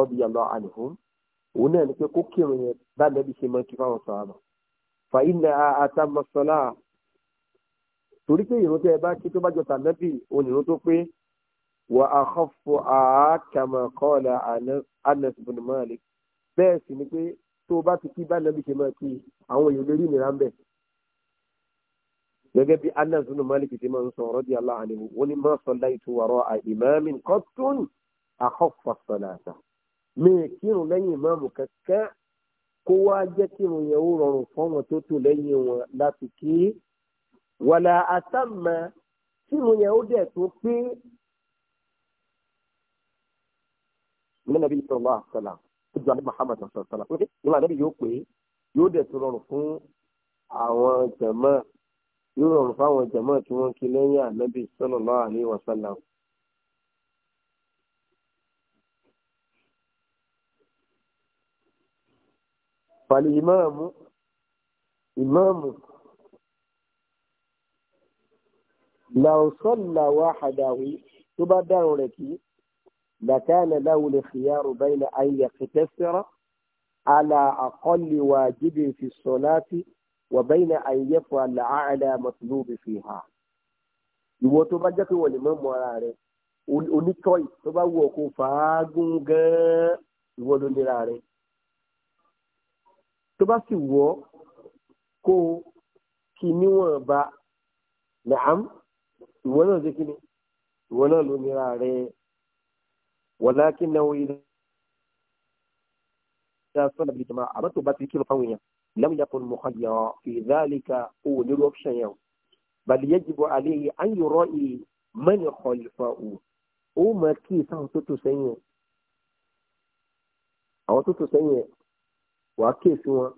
رضي الله عنهم òun náà ni pé kó kírun yẹn bá nẹ́bí ṣe máa kí fáwọn sọ̀rọ̀ fa inna atamma salah torí pé ìrun tẹ́ ẹ bá kí tó bá jọ tànẹ́bì òun ìrun tó pé wa akhaffu kama qala Anas ibn Malik bẹ́ẹ̀ sì ni pé tó bá ti kí bá nẹ́bí ṣe máa kí àwọn èèyàn lórí ìnira ń bẹ̀ gẹ́gẹ́ bí Anas ibn Malik ti máa ń sọ radiyallahu anhu wọ́n ní ma sallaytu wara'a imamin qattun akhaffa salata mi kírun lẹ́yìn ìmáàmù kankan kó wá jẹ́ kírun yẹn ó rọrùn fọ́wọn tó tò lẹ́yìn wọn láti kí wàlà àtàmà kírun yẹn ó dẹ̀ tó pé nínàbí ìtọ́lá àṣàlà tó ju alẹ́ Muhammad àṣàlà pé ìwà àdàbí yóò pé yóò dẹ̀ tó rọrùn fún àwọn jàmáà yóò rọrùn fún àwọn jàmáà tí wọ́n kí lẹ́yìn ànábì sallallahu alaihi wasallam. fàlì ìmáàmù ìmáàmù làwùsọ̀là wà hàdàwí tó bá dáhùn rẹ̀ kí làkàlẹ̀ láwùlẹ̀ fìyàrù báyìí àyè kìtẹ́sẹ̀rọ̀ àlà àkọ́lé wà jíde fi sọ̀láàtì wà báyìí àyè fún àlà àlà mọ̀tìlúbi fi hà. ìwọ tó bá jẹ́ pé wọ́n lè mọ̀ mọ́ ara rẹ̀ onítọ́yì tó bá wù ọ́ kó fàágùn gan-an ìwọ ló nira rẹ̀ tó bá sì wọ́ kó kí níwọ̀nba nàám ìwọ náà ṣe kíni ìwọ náà ló nira rẹ wọlá kí náà wọ́n ilé ya sọ́nà bíi jama àmọ́ tó bá ti kí ló fáwọn èèyàn lẹ́mu yàtọ̀ ní mọ̀kàn yàn fi dhalika ó wò lórí option yẹn bal yajibu alayhi an yura'i man khalifahu ó mọ̀ kí ìsáhùn tó tó sẹ́yìn àwọn tó tó sẹ́yìn wàá kíyèsí wọn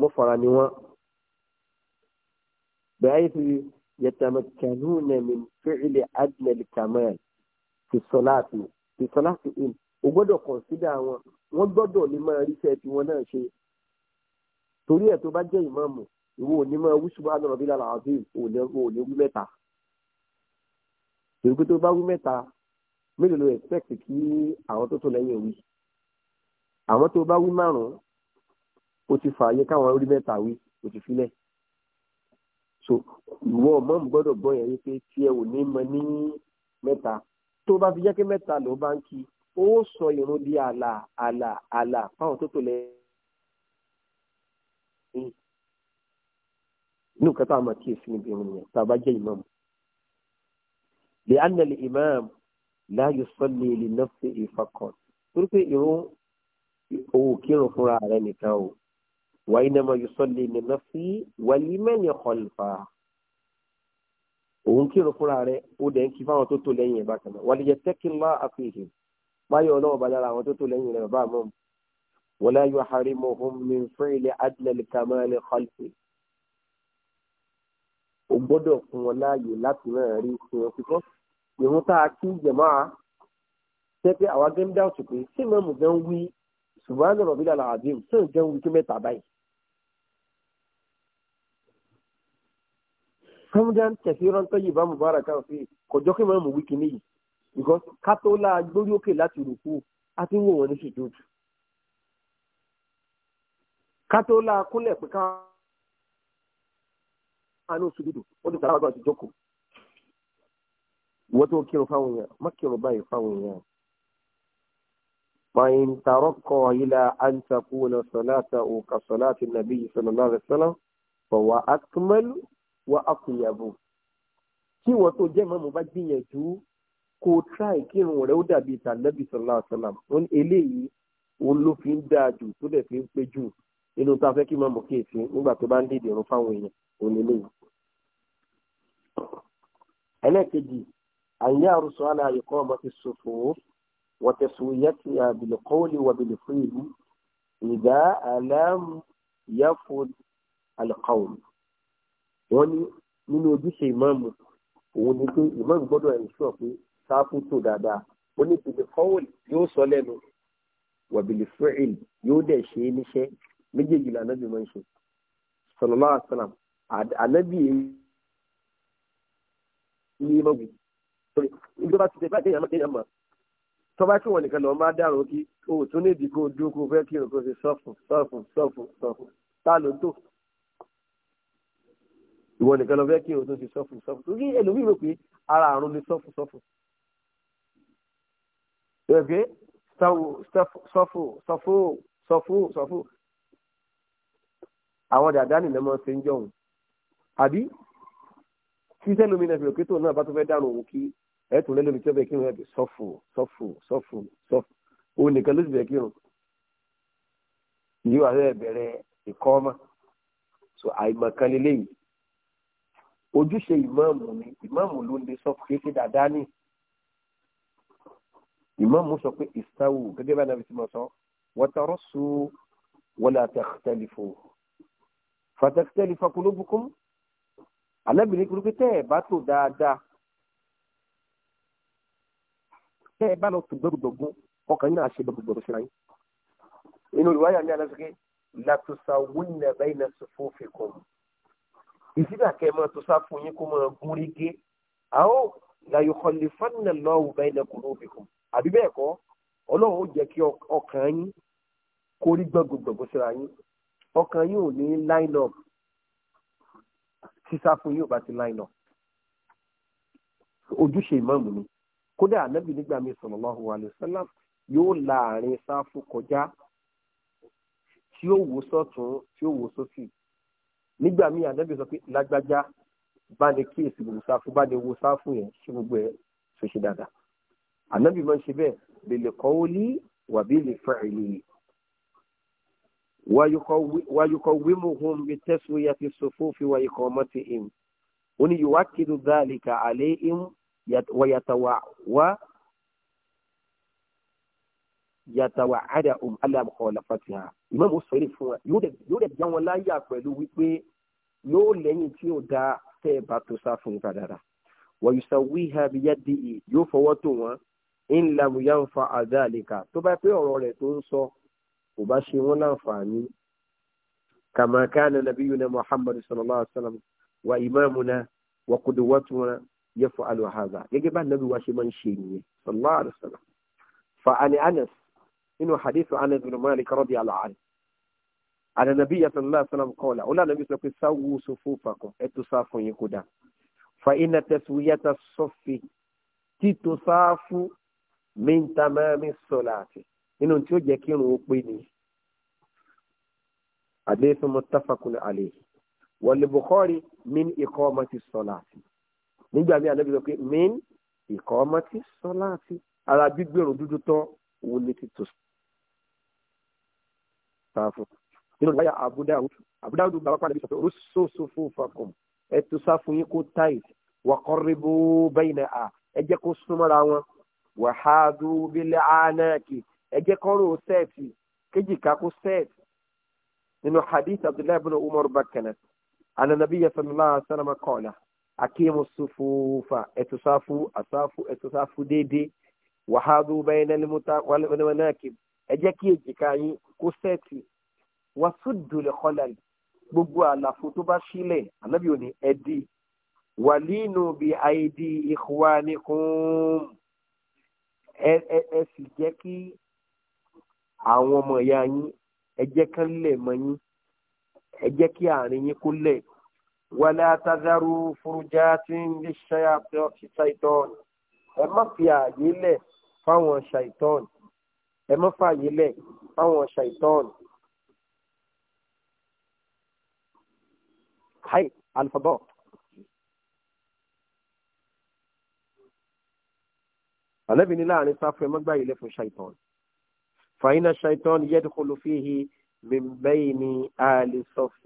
mọ́ fara ni wọn. bẹ́ẹ̀ fi yatamakkanuna min fi'li adna al-kamal fi salati fi salati in o gbọ́dọ̀ consider wọn wọ́n gbọ́dọ̀ ní máa ríṣẹ́ tí wọ́n náà ṣe torí ẹ̀ tó bá jẹ́ ìmáàmù ìwọ ò ní máa wí subhana rabbil azim ò ní wí mẹ́ta torí tó bá wí mẹ́ta mélòó lo expect kí àwọn tó tó lẹ́yìn wí àwọn tó bá wí márùn-ún ó ti fààyè káwọn orí mẹ́ta wí ó ti filẹ̀ so ìwọ mọ́mù gbọ́dọ̀ gbọ́ yẹn wípé tí ẹ ò ní mọ ní mẹ́ta tó bá fi jẹ́ pé mẹ́ta ló bá ń kí ó sọ ìrun di àlà àlà àlà fáwọn tó tò lẹ́yìn inú kẹta àmọ́ kíyèsí níbi ìrun yẹn tá a bá jẹ́ ìmáàmù. lè ánàlè ìmáàmù láàyò sọ́lé lè náà fi ìfakàn torí pé ìrun òwò kírun fúnra rẹ̀ nìkan o wàyínàmọ yusalli ní nafsi wàlímẹ́ni kọlfà òun kírun fúnra rẹ̀ ó dẹ̀ ń kí fáwọn tó tó lẹ́yìn ẹ̀ bákan náà wàlíyẹ tẹ́kínlá àfihàn báyọ̀ ọlọ́wọ́ bá dára àwọn tó tó lẹ́yìn rẹ̀ bá mọ́ wala yuharimuhum min fi'li adlil kamali khalfi o gbọ́dọ̀ fún wọn láàyè láti náà rí fún wọn pípọ́ tá a kí jẹ̀máà jẹ́ pé àwa gẹ́ńdà ọ̀tún pé sí mọ́mù gan gan wí kí mẹ́ta hamdan kẹfìrán tọyì bá mubarakan fi kọjọ kí mọ̀ọ́mù wíkì níyì because kátólà gbórí òkè láti rùkú á ti ń wò wọn ní ṣùjúdù kátólà kúnlẹ̀ pé ká àánú ṣùjúdù ó ti sàrà àgbà ti jókòó wọ́n tó kírun fáwọn èèyàn má kírun báyìí fáwọn èèyàn. فإن ترقى إلى أن تكون صلاته كصلاة النبي صلى الله عليه وسلم فهو أكمل wà á kò yàgò kí wọ́n tó jẹ́ mọ́mọ́ bá gbìyànjú kó tíráì kírun rẹ̀ ó dàbí tànàbí sọlá sọlá wọn eléyìí òun ló fi ń dáa jù tó dẹ̀ fi ń pé jù inú tá a fẹ́ kí mọ́mọ́ kéèsì nígbà tó bá ń dìde irun fáwọn èèyàn òun eléyìí. ẹlẹ́ẹ̀kejì àyè àrùsọ aláyọ̀kọ́ ọmọ ti ṣòfò wọ́n ti sùn yẹ́tì àbìlẹ̀kọ́wọ́lì wọ́bìlẹ̀ fún ìlú ìdá àlẹ́ yẹ́fọ́ àlẹ́kọ́wọ́lì wọ́n ní nínú ojúṣe ìmáàmù òun ni pé ìmáàmù gbọ́dọ̀ ẹ̀ṣọ́ pé sáfù tó dáadáa ó ní bìlì fọ́wọ́l yóò sọ lẹ́nu wàbìlì fẹ́ẹ̀l yóò dẹ̀ ṣe é níṣẹ́ méjèèjì là ànábì máa ń ṣe sọlọ́lá àsàlám ànábì ní mọ́gbì ìjọba ti tẹ̀lé àti ìyàmọ̀ tẹ̀yàmọ̀ tọ́ba tí wọ́n nìkan lọ́ọ́ máa dàrú kí o tún ní ìdí dúró kó fẹ́ kí o kó ṣe sọ́ọ̀fù sọ́ọ̀fù sọ́ọ̀fù sọ́ọ̀fù tá ló tó ìwọ nìkan lọ fẹ́ kí o tó ṣe sọ́fù sọ́fù torí ẹlòmíì rò pé ara àrùn ni sọ́fù sọ́fù. ìwọ pé sọ́fù sọ́fù sọ́fù sọ́fù àwọn dàda nìyẹn máa ṣe ń jọ̀hún àbí tí sẹ́lómi náà fi rò pé tóun náà bá tó fẹ́ dànù òun kí ẹ̀tún lẹ́lómi tí ó bẹ̀ kí irun ẹ̀ sọ́fù sọ́fù sọ́fù sọ́fù òun nìkan ló sì bẹ̀ kí irun yìí wà bẹ̀rẹ̀ ìkọ́ ọmọ so àìmọ̀kan ojúṣe ìmáàmù ni ìmáàmù ló ń de sọ pé ṣe dáadáa ni ìmáàmù sọ pé ìsáwù gẹ́gẹ́ bá nàbẹ̀tì mọ̀ sọ wọ́tàrọ́ so wala takhtalifu fatakhtalifa qulubukum alábìrin kúrú pé tẹ́ ẹ̀ bá tó dáadáa tẹ́ ẹ bá lọ tó gbẹgbẹgbọn ọkàn yìí náà ṣe gbẹgbẹgbọn síra inú ìwáyà mi àná sọ pé làtúnṣàwìn ìsìgbà kẹ́ ẹ máa tó sáfù yín kó máa gún régé àwọn làyò kọ́lé fánà lọ́wọ́ báyìí lẹ́kùn lóbi kù àbí bẹ́ẹ̀ kọ́ ọlọ́run ó jẹ́ kí ọkàn yín kó rí gbọ̀ngbọ̀ngbọ̀n síra yín ọkàn yín ò ní line up sísá fún yín ò bá ti line up ojúṣe ìmáàmù ni kódà ànábì nígbà mi sallallahu alaihi wasallam yóò la àárín sáfù kọjá tí ó wò sọ́tún tí ó wò sósì nígbà míì ànábì sọ pé lágbájá bá ní kíyèsí gbogbo sáfù bá ní wo sáfù yẹn ṣé gbogbo ẹ ṣe ṣe dáadáa ànábì máa ń ṣe bẹ́ẹ̀ bèlè kọ́wọ́lì wà bèlè fẹ́ẹ̀lì wàyùkọ̀ wímùhùn bí tẹ́sù yàtì sòfófì wàyùkọ̀ ọmọtì im ó ní yòówá kìdù dáàlìkà àlẹ́ im wàyàtàwà wá yàtàwà àdà um aláàbùkọ̀ ọ̀làfàtìhà ìmọ̀ mọ̀ sọ̀rọ̀ fún wa yóò dẹ̀ jẹ́ wọn láyà pẹ̀lú wípé yóò lẹ́yìn tí ó da tẹ́ ẹ bá tó sá fún nípa dáadáa wọ́n yóò sọ wíhà bí yá di ì yóò fọwọ́ tó wọ́n ń lamu yá ń fa àdá àlèkà tó bá pé ọ̀rọ̀ rẹ̀ tó ń sọ kò bá ṣe wọ́n láǹfààní kàmákàánà nabiyuna muhammad sallallahu alaihi wa sallam wa imamuna wa kuduwatuna yẹfu alùhàzà gẹ́gẹ́ bá nàbí wa ṣe máa ń ṣe nìyẹn sallallahu alaihi wa sallam fa ani anas nínú hadith anas bin malik radiyallahu anhu àdànàbí yàtọ̀ nílá sálàm kọ́ọ̀là ó lànà bí sọ pé sáwù sọfún fàkàn ẹ tó sáfù yín kó dà fa iná tẹ̀sù yàtọ̀ sọ́fì títò sáfù míntámámí sọ̀là àti nínú tí ó jẹ́ kí irun ó pé ni. àdéhùn mustafakun alẹ́ wọlé bukhari min ikọ́ ọmọ ti sọ̀là àti nígbà míì min ikọ́ ọmọ ti sọ̀là àti ara gbígbèrò dúdú tán òun nínú ìwáyà abudawud abudawud gba wákàtí àbí sọ pé oríṣiríṣi fàkùn ẹ tó sá fún yín kó tight wàkọrìbó bẹ́yìn náà à ẹ jẹ́ kó súnmọ́ra wọn wàhádù bílẹ̀ ànáàkì ẹ jẹ́ kọ́rọ̀ sẹ́ẹ̀tì kéjìká kó sẹ́ẹ̀tì nínú hadith abdullahi bin umar bakana ananabiya sallallahu alaihi wa sallam kọ́ọ̀lá akimu sufufa ẹ tó sá fún asáfù ẹ tó sá kí èjìká yín kó sẹ́ẹ̀tì wàsúdùlẹ̀ kọlàlì gbogbo àlàfo tó bá sílẹ̀ ànábì òní ẹ̀dí wàlínú bí àìdí ikhwanikum ẹ sì jẹ́ kí àwọn ọmọ ìyá yín ẹ jẹ́ kán lẹ̀ mọ́ yín ẹ jẹ́ kí àárín yín kó lẹ̀ wala tadharu furujatin lish-shaytan ẹ má fi ààyè lẹ̀ fáwọn ṣàìtọ́n ẹ má fààyè lẹ̀ fáwọn ṣàìtọ́n. حي الفضاء النبي نلا أن صافي مقبا يلف الشيطان فإن الشيطان يدخل فيه من بين آل الصف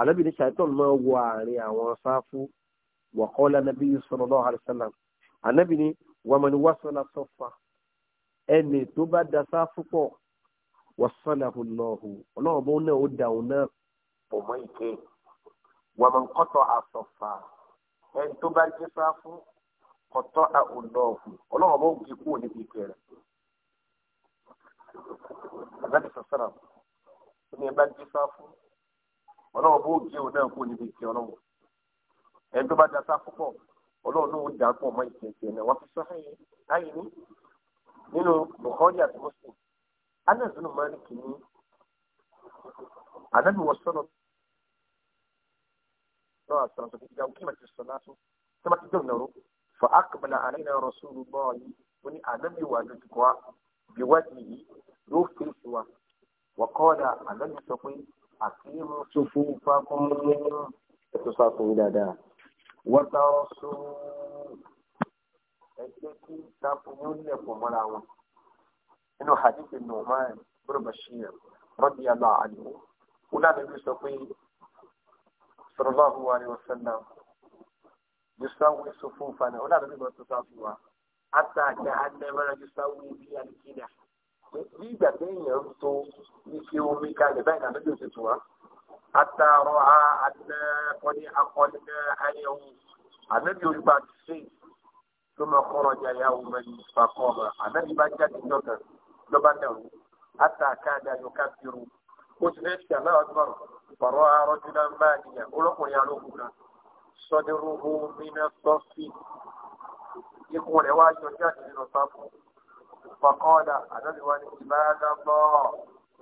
النبي الشيطان ما هو عليه وصافه وقال النبي صلى الله عليه وسلم النبي ومن وصل الصف ẹni tó bá da sáfù pọ̀ wọ́n sọ́nà ọlọ́hùn ọlọ́run bó náà ó da òun náà pọ̀ mọ́ ìkẹyìn wàmọ̀ nkọ́tọ̀ àsọ̀fà ẹni tó bá jẹ́ sáfù kọ̀tọ́ àhùndọ̀ọ̀fù ọlọ́run ọmọ ògì kúrò níbi ìpè rẹ̀. láti sọ̀sọ̀rọ̀ ẹni bá jẹ́ sáfù ọlọ́run ọmọ ògì òun náà kúrò níbi ìpè ọlọ́run ẹni tó bá jẹ́ sáfù pọ̀ ọlọ́run náà ó dà pọ̀ mọ́ ìpè náà wọ́n fi sọ ayé ní nínú Bukhari عليه وسلم إذا أقيمت الصلاة كما تقول فأقبل علينا رسول الله وني أنبي وأدتك بوجهه يوفي سوى وقال أنبي سقي أقيموا صفوفكم تصافوا إلى دار وترسوا أجدكي تفنون لكم ولا وان إنه حديث النعمان بن بشير رضي الله عنه ولا نبي سقي sallallahu alayhi wa sallam yusawi sufufana ó dàbí ìmọ̀ tó sáfù wa ata àjà anẹ́mọ́ra yusawi bí alikina bí ìgbà téèyàn ń to ike omi kalẹ̀ báyìí nàbẹ́bí òtútù wa atarọ a anẹ akọni akọni nẹ ayẹwo anabi olùgbà ti ṣe tó máa kọ́rọ̀ ọjà ìyá ọmọ yìí fàkọ́ ọmọ anabi bá jáde jọ̀kan lọ́ba náà ata àká àdá yóò ká bírú ó ti fẹ́ ṣe aláwọ̀ tó bá rọ̀ fọ̀rọ̀ arọ́ tí náà ń bá àdìyàn olókùnrin alókùn náà sọdẹ́rùhù mínà sọ́fì ikùn rẹ̀ wá yọ jáde nínú sáfù fọkọ́ọ̀dà àdọ́bíwá ní ìbáradà bọ́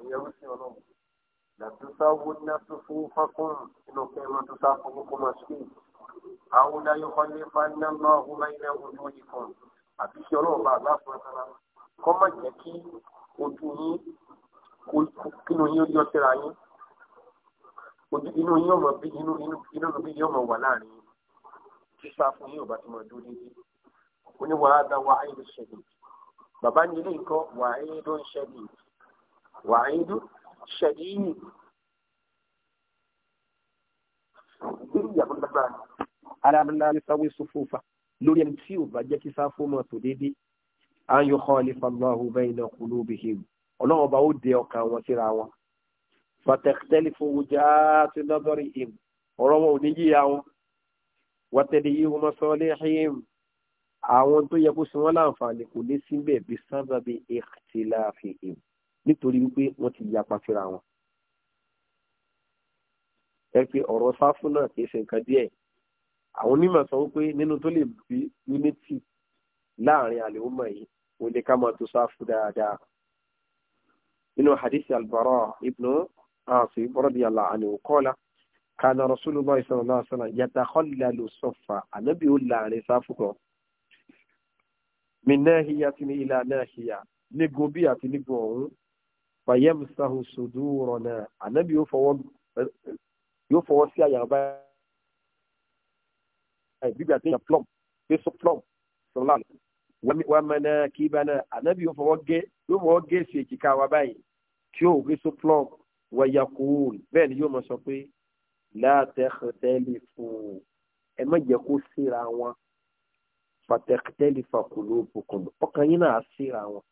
ìyẹ̀wò sí ọlọ́run làtúnṣáwó náà tó fún fọ́kùn nínú kẹrin tó sáfù kókó máa ṣe àwọn ọ̀dáyọ̀ kọ́lé fáná náà ọ̀hún máa ń náà ojú ìkan àbí ṣe ọlọ́run bá àbá fún ọ̀sán kọ́ má jẹ́ kí ojú yín kínú yín ó yọ síra yín ojú inú yín ọmọ bí inú inú inú bí yín ọmọ wà láàrin sísá fún yín ọba tí mo dúró dédé ó ní wàá da wàá ayé ló ṣẹlẹ̀ bàbá ní ilé nǹkan wàá ayé ló ń ṣẹlẹ̀ wàá ayé ló ṣẹlẹ̀ yìí ni. alábìlá sáwé sọfọfà lórí ẹni tí ò bá jẹ́ kí sáfó mọ̀ tó dédé à ń yọ kọ́ ọ ní fàlọ́ àhùbẹ́yìn náà kú lóbi hìm ọlọ́run ọba ó de ọkàn wọn síra wọn fàtẹ̀kítẹ́lì fún wùjá tí lọ́dọ̀rì im ọ̀rọ̀ wọn ò ní yíya wọn wọ́tẹ̀lì yìí wọn sọ léhìm àwọn tó yẹ kó sin wọn láǹfààní kò ní síbẹ̀ bí sábàbí ìkìtìláàfì im nítorí wípé wọ́n ti yapa síra wọn. ẹ pé ọ̀rọ̀ sáfù kì í ṣe nǹkan díẹ̀ àwọn onímọ̀ sọ wípé nínú tó lè bí unity láàrin àlèhùnmọ̀ yìí ó lè ká máa tó sáfù dáadáa nínú hadith albara ibnu عاصم رضي الله عنه قال كان رسول الله صلى الله عليه وسلم يتخلل الصفة النبي الله عليه صافكو من ناحية إلى ناحية نقوبية نقوم فيمسه صدورنا النبي يفوق يفوق سيا يغبا بيبي أتنى فلوم بيسو فلوم صلى الله عليه وسلم ومناكبنا النبي يفوق يفوق سيكي كاواباي كيو بيسو فلوم wayakul bẹ́ẹ̀ ni yóò máa sọ pé látẹ̀kẹ́tẹ́lì fún ẹ má jẹ́ kó síra wọn fàtẹ̀kẹ́tẹ́lì fàkùlù òkùnkùn ọkàn yín náà síra wọn.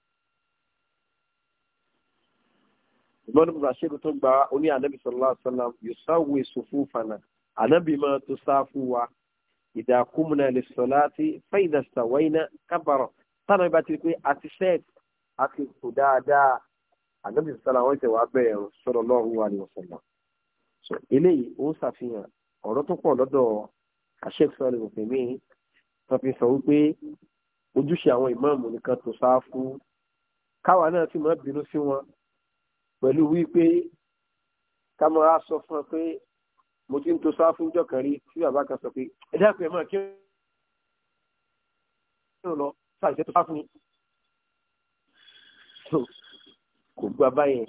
ìmọ̀nù bàbá ṣèlú tó gba oní ànábì sallallahu alaihi wasallam yusawu sufufana ànábì máa tó sáfù wa ìdàkúmùnà lè sọ láti fẹ́ ìdàsítàwáyé náà kábàárọ̀ táwọn ibà pé àti sẹ́ẹ̀tì àti kù dáadáa ànábì sọ́la wọ́n tẹ̀ wá bẹ́ẹ̀ sallallahu alaihi wasallam so eléyìí ó ṣàfihàn ọ̀rọ̀ tó pọ̀ lọ́dọ̀ àṣẹ́kù sọ́la ìwòpè mí tó fi sọ wípé ojúṣe àwọn ìmáàmù nìkan tó sáfù káwa náà sì máa bínú sí wọn pẹ̀lú wípé ká máa sọ fún ọ pé mo ti ń to sáfù ńjọ́ kan rí tí bàbá kan sọ pé ẹ dákun ẹ máa kí ó lọ sáà tó sáfù ni kò gba báyẹn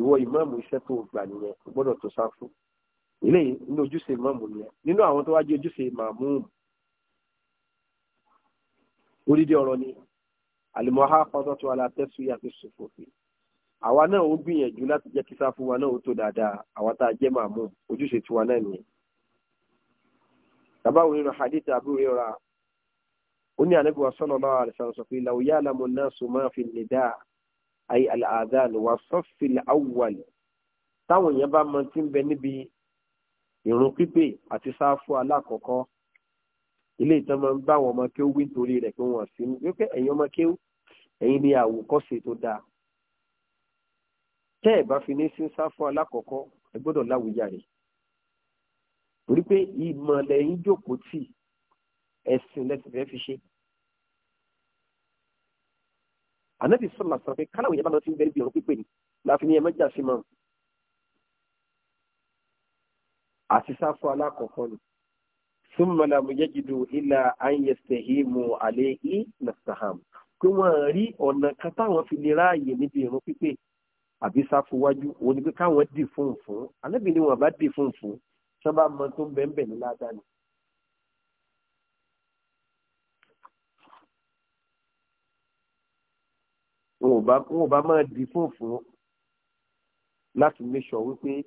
ìwọ ìmáàmù iṣẹ́ tó gbà nìyẹn kò gbọ́dọ̀ tó sáfù eléyìí nínú ojúṣe ìmáàmù nìyẹn nínú àwọn tó wá jẹ́ ojúṣe màmú orídìí ọ̀rọ̀ ni àlùmọ́há pátọ́tù alátẹ́sù yàtọ̀ sòfòfì àwa náà ó gbìyànjú láti jẹ́ kí sáfù wa náà ó tó dáadáa àwa tá a jẹ́ màmú ojúṣe tiwa náà nìyẹn tabawo nínú hadith abu rira ó ní ànábì wa sallallahu alaihi wasallam pé law ayé àdáàlù wà sọ́fìlì awùwàlì táwọn èèyàn bá mọ tí ń bẹ níbi ìrun pípé àti sáfù alákọ̀ọ́kọ́ ilé ìtàn máa ń bá àwọn ọmọ kéwú wí nítorí rẹ̀ pé wọ́n sí ní pé ẹ̀yin ọmọ kéwú ẹ̀yin ni àwòkọ́ṣe tó dáa tẹ́ ẹ̀ bá fi ní sí sáfù alákọ̀ọ́kọ́ ẹ gbọ́dọ̀ láwùjáre torí pé ìmọ̀lẹ̀ yín jókòó tì ẹ̀sìn lẹ́sìn fẹ́ fi ṣe ànábì sọlá sọ pé káláwé yẹn bá lọ sí bẹ́ẹ̀ bí ọ̀rọ̀ pípé ni láfi ní ẹ̀mẹ́jà sí mọ́ àti sáfù alákọ̀ọ́kọ́ ni súnmọ́ la mo yẹ́jìdù ilà ayẹ̀sẹ̀hìmù àlẹ́ i nàṣàhàm pé wọ́n rí ọ̀nà kan táwọn fi lè ráàyè níbi ìrún pípé àbí sáfù wájú òun ni pé káwọn dì fún fún ànábì ni wọn bá dì fún fún sábà mọ tó bẹ́ẹ̀ bẹ́ẹ̀ ní ládàá ni wọn ò bá máa dì fún fún láti make sure wípé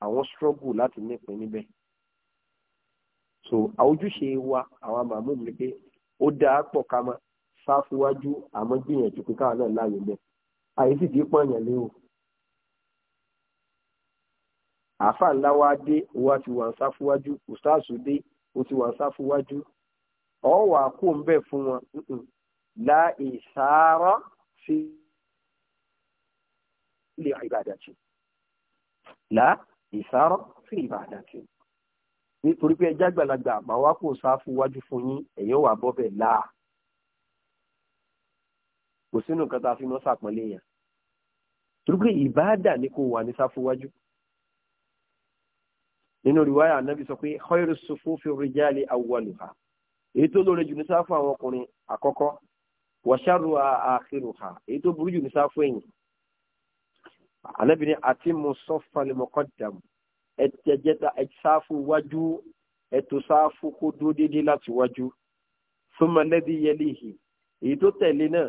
àwọn struggle láti nípìn níbẹ̀ so àwòjúṣe wa àwọn màmú mi pé ó dáa pọ̀ ká mọ́ sáfíwájú àmọ́ gbìyànjú pé káwọn náà láàyè lẹ̀ àyè sì kì pọ̀nyàn lé àáfàá ńlá wa dé wa ti wà ń sáfíwájú ustaasu dé o ti wà ń sáfíwájú ọ̀wà kó ń bẹ̀ fún wọn la ìsáárọ̀ sí i. لعبادته لا إثارة في عبادته nítorí pé ẹjẹ àgbàlagbà máa wá kó sáfù wájú fún yín ẹ̀yin wà bọ́ bẹ́ẹ̀ láà kò sínú nǹkan tá a fi mọ́ sàpọ́nlé yẹn torí pé ìbáàdà ni kò wà ní sáfù wájú nínú riwaya anabi sọ pé khayru sufufi rijali awwaluha èyí tó lóore jù ní sáfù àwọn ọkùnrin àkọ́kọ́ wa sharruha akhiruha èyí tó burú jù ní sáfù ẹ̀yìn ànábì ní àti musoffal muqaddam ẹ̀tẹ̀jẹta ẹ̀sáfù wájú ẹ̀tọ́sáfù kó dúró déédéé láti wájú thumma alladhi yalihi èyí tó tẹ̀lé náà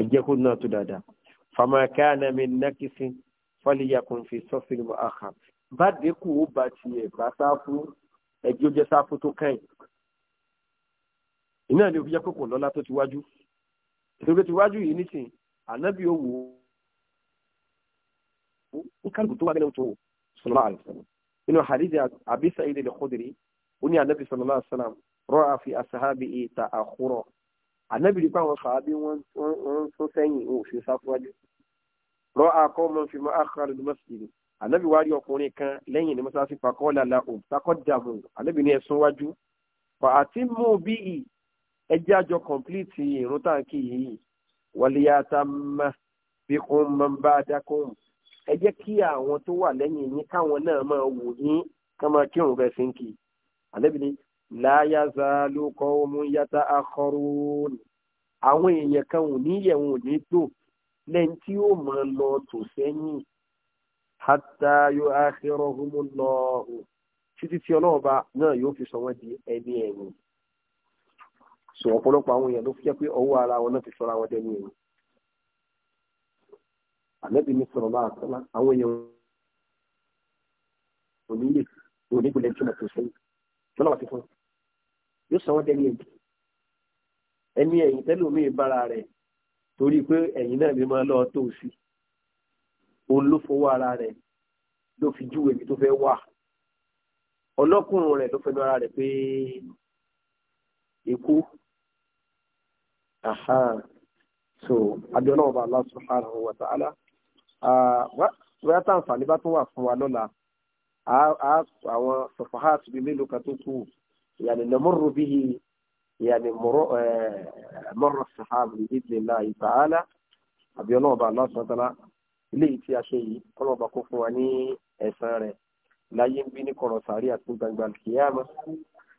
ẹ̀jẹ̀ kó náà tó dáadáa fama kana min fali falyakun fi saffil mu'akhkhar bá dínkù ó bá tiẹ̀ bá sáfù ẹ̀jẹ̀ ó jẹ́ sáfù tó kẹ́yìn iná ni òfin jẹ́ kókò lọ́lá tó ti wájú ìṣòro ti wájú yìí nísìnyí ànábì ó wò ó ó kálukú tó wà gẹ́lẹ́ tó sọlá àlùfẹ́ inú hadith Abi Sa'id al-Khudri ó ní ànábì sallallahu alaihi wasallam ra'a fi ashabihi ta'akhura ànábì rí pé àwọn sàábí wọn ń sẹ́yìn wọn ò fi sáfúwájú ra'a qawman fi ma'akhkhar al-masjid ànábì wá rí ọkùnrin kan lẹ́yìn ní mọ́sáàsì faqala lahum taqaddamu ànábì ní ẹ̀sùn wájú fa atimmu bihi ẹjẹ́ àjọ kọ̀ǹpìlìtì ìrún táǹkì yìí wàlíyàtàmà bíkún mọ́nbàdàkùn ẹ jẹ́ kí àwọn tó wà lẹ́yìn yín káwọn náà máa wò yín ká máa kírun bẹ́ẹ̀ sí ń kì í àlẹ́bí ni láyàzá ló kọ́ ọmú yàtà akọrún àwọn èèyàn kan ò ní yẹ̀ wọn ò ní tó lẹ́yìn tí ó máa lọ tò sẹ́yìn hátà yóò áhẹ́rọ̀ ọ̀hún lọ́ọ̀hún títí tí ọlọ́ọ̀ba náà yóò fi sọ wọ́n di ẹni ẹ̀yìn so ọ̀pọ̀lọpọ̀ àwọn èèyàn ló fi jẹ́ pé ọwọ́ ara wọn náà ti sọra wọn dẹni ẹ̀yìn àlẹ́bí mi sọ̀rọ̀ máa tọ́lá àwọn èèyàn òní lè òní kò lè túmọ̀ tó sẹ́yìn tọ́lá wà ti fún yóò sọ wọ́n dẹni ẹ̀yìn ẹni ẹ̀yìn tẹ́lómìn bára rẹ̀ torí pé ẹ̀yìn náà mi máa lọ tó sí òun ló fọwọ́ ara rẹ̀ ló fi júwèé ibi tó fẹ́ wà ọlọ́kùnrin rẹ̀ ló fẹnu ara rẹ̀ pé èkó aha so abiola ọba Allah subhanahu wa ta'ala wíyá tá àǹfààní bá tún wà fún wa lọ́la àwọn sọfahàt bíi mélòó kan tó kù yàní nàmúrò bíi yàní mọ̀rọ̀ sàhábù bi'idhnillahi ta'ala abiola ọba Allah subhanahu wa ta'ala eléyìí tí a ṣe kó fún wa ní ẹ̀san rẹ̀ láyé ń bí ní kọ̀rọ̀ àti gbangba kìíyàmọ́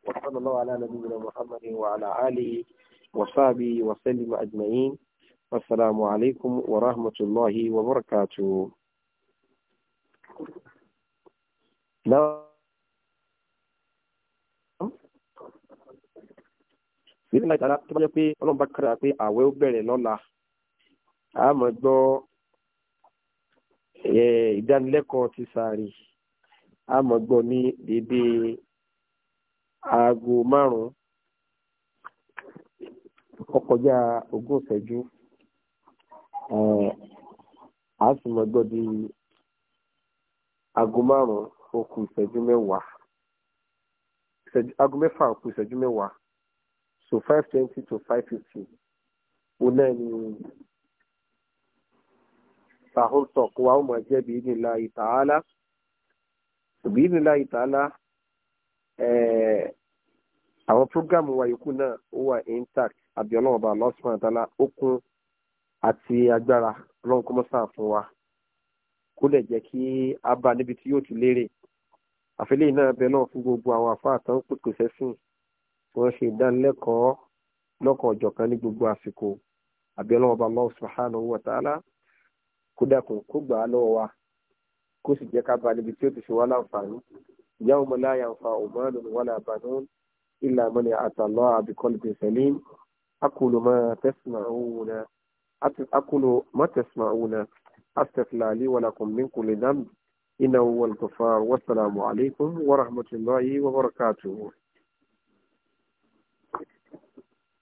wa sallallahu وصحبه وسلم أجمعين والسلام عليكم ورحمة الله وبركاته نعم nínú ìlànà ìtara tó bá jẹ́ pé ọlọ́run bá kára pé àwẹ̀ ó bẹ̀rẹ̀ lọ́la a máa gbọ́ ìdánilẹ́kọ̀ọ́ ti sàárì a máa gbọ́ ní dédé aago márùn-ún ọkọjá ogún ìṣẹ́jú eh, a sì mọ gbọ́ di aago márùn-ún ó five twenty to five fifty ó náà ni wa ó máa jẹ́ bíi nílá ìtàhálà bíi nílá ìtàhálà àwọn wa yòókù náà ó intact àbí ọlọ́run bá Allah subhanahu wa ta'ala okun àti agbára ọlọ́run kó mọ́sá fún wa kó lè jẹ́ kí a bá níbi tí yóò ti lérè àfẹ́lẹ́ náà bẹ náà fún gbogbo àwọn àfáà tó ń pèpè sẹ́sìn tí wọ́n ṣe ìdánilẹ́kọ̀ọ́ lọ́kàn ọ̀jọ̀kan ní gbogbo àsìkò àbí ọlọ́run bá Allah subhanahu kó dẹ́kun kó gbà á lọ́wọ́ wa kó sì jẹ́ ká bá níbi tí ó ti ṣe wala banun illa man ata Allah أقول ما تسمعون أقول ما تسمعون أستغفر لي ولكم من كل ذنب إنه هو الغفار والسلام عليكم ورحمة الله وبركاته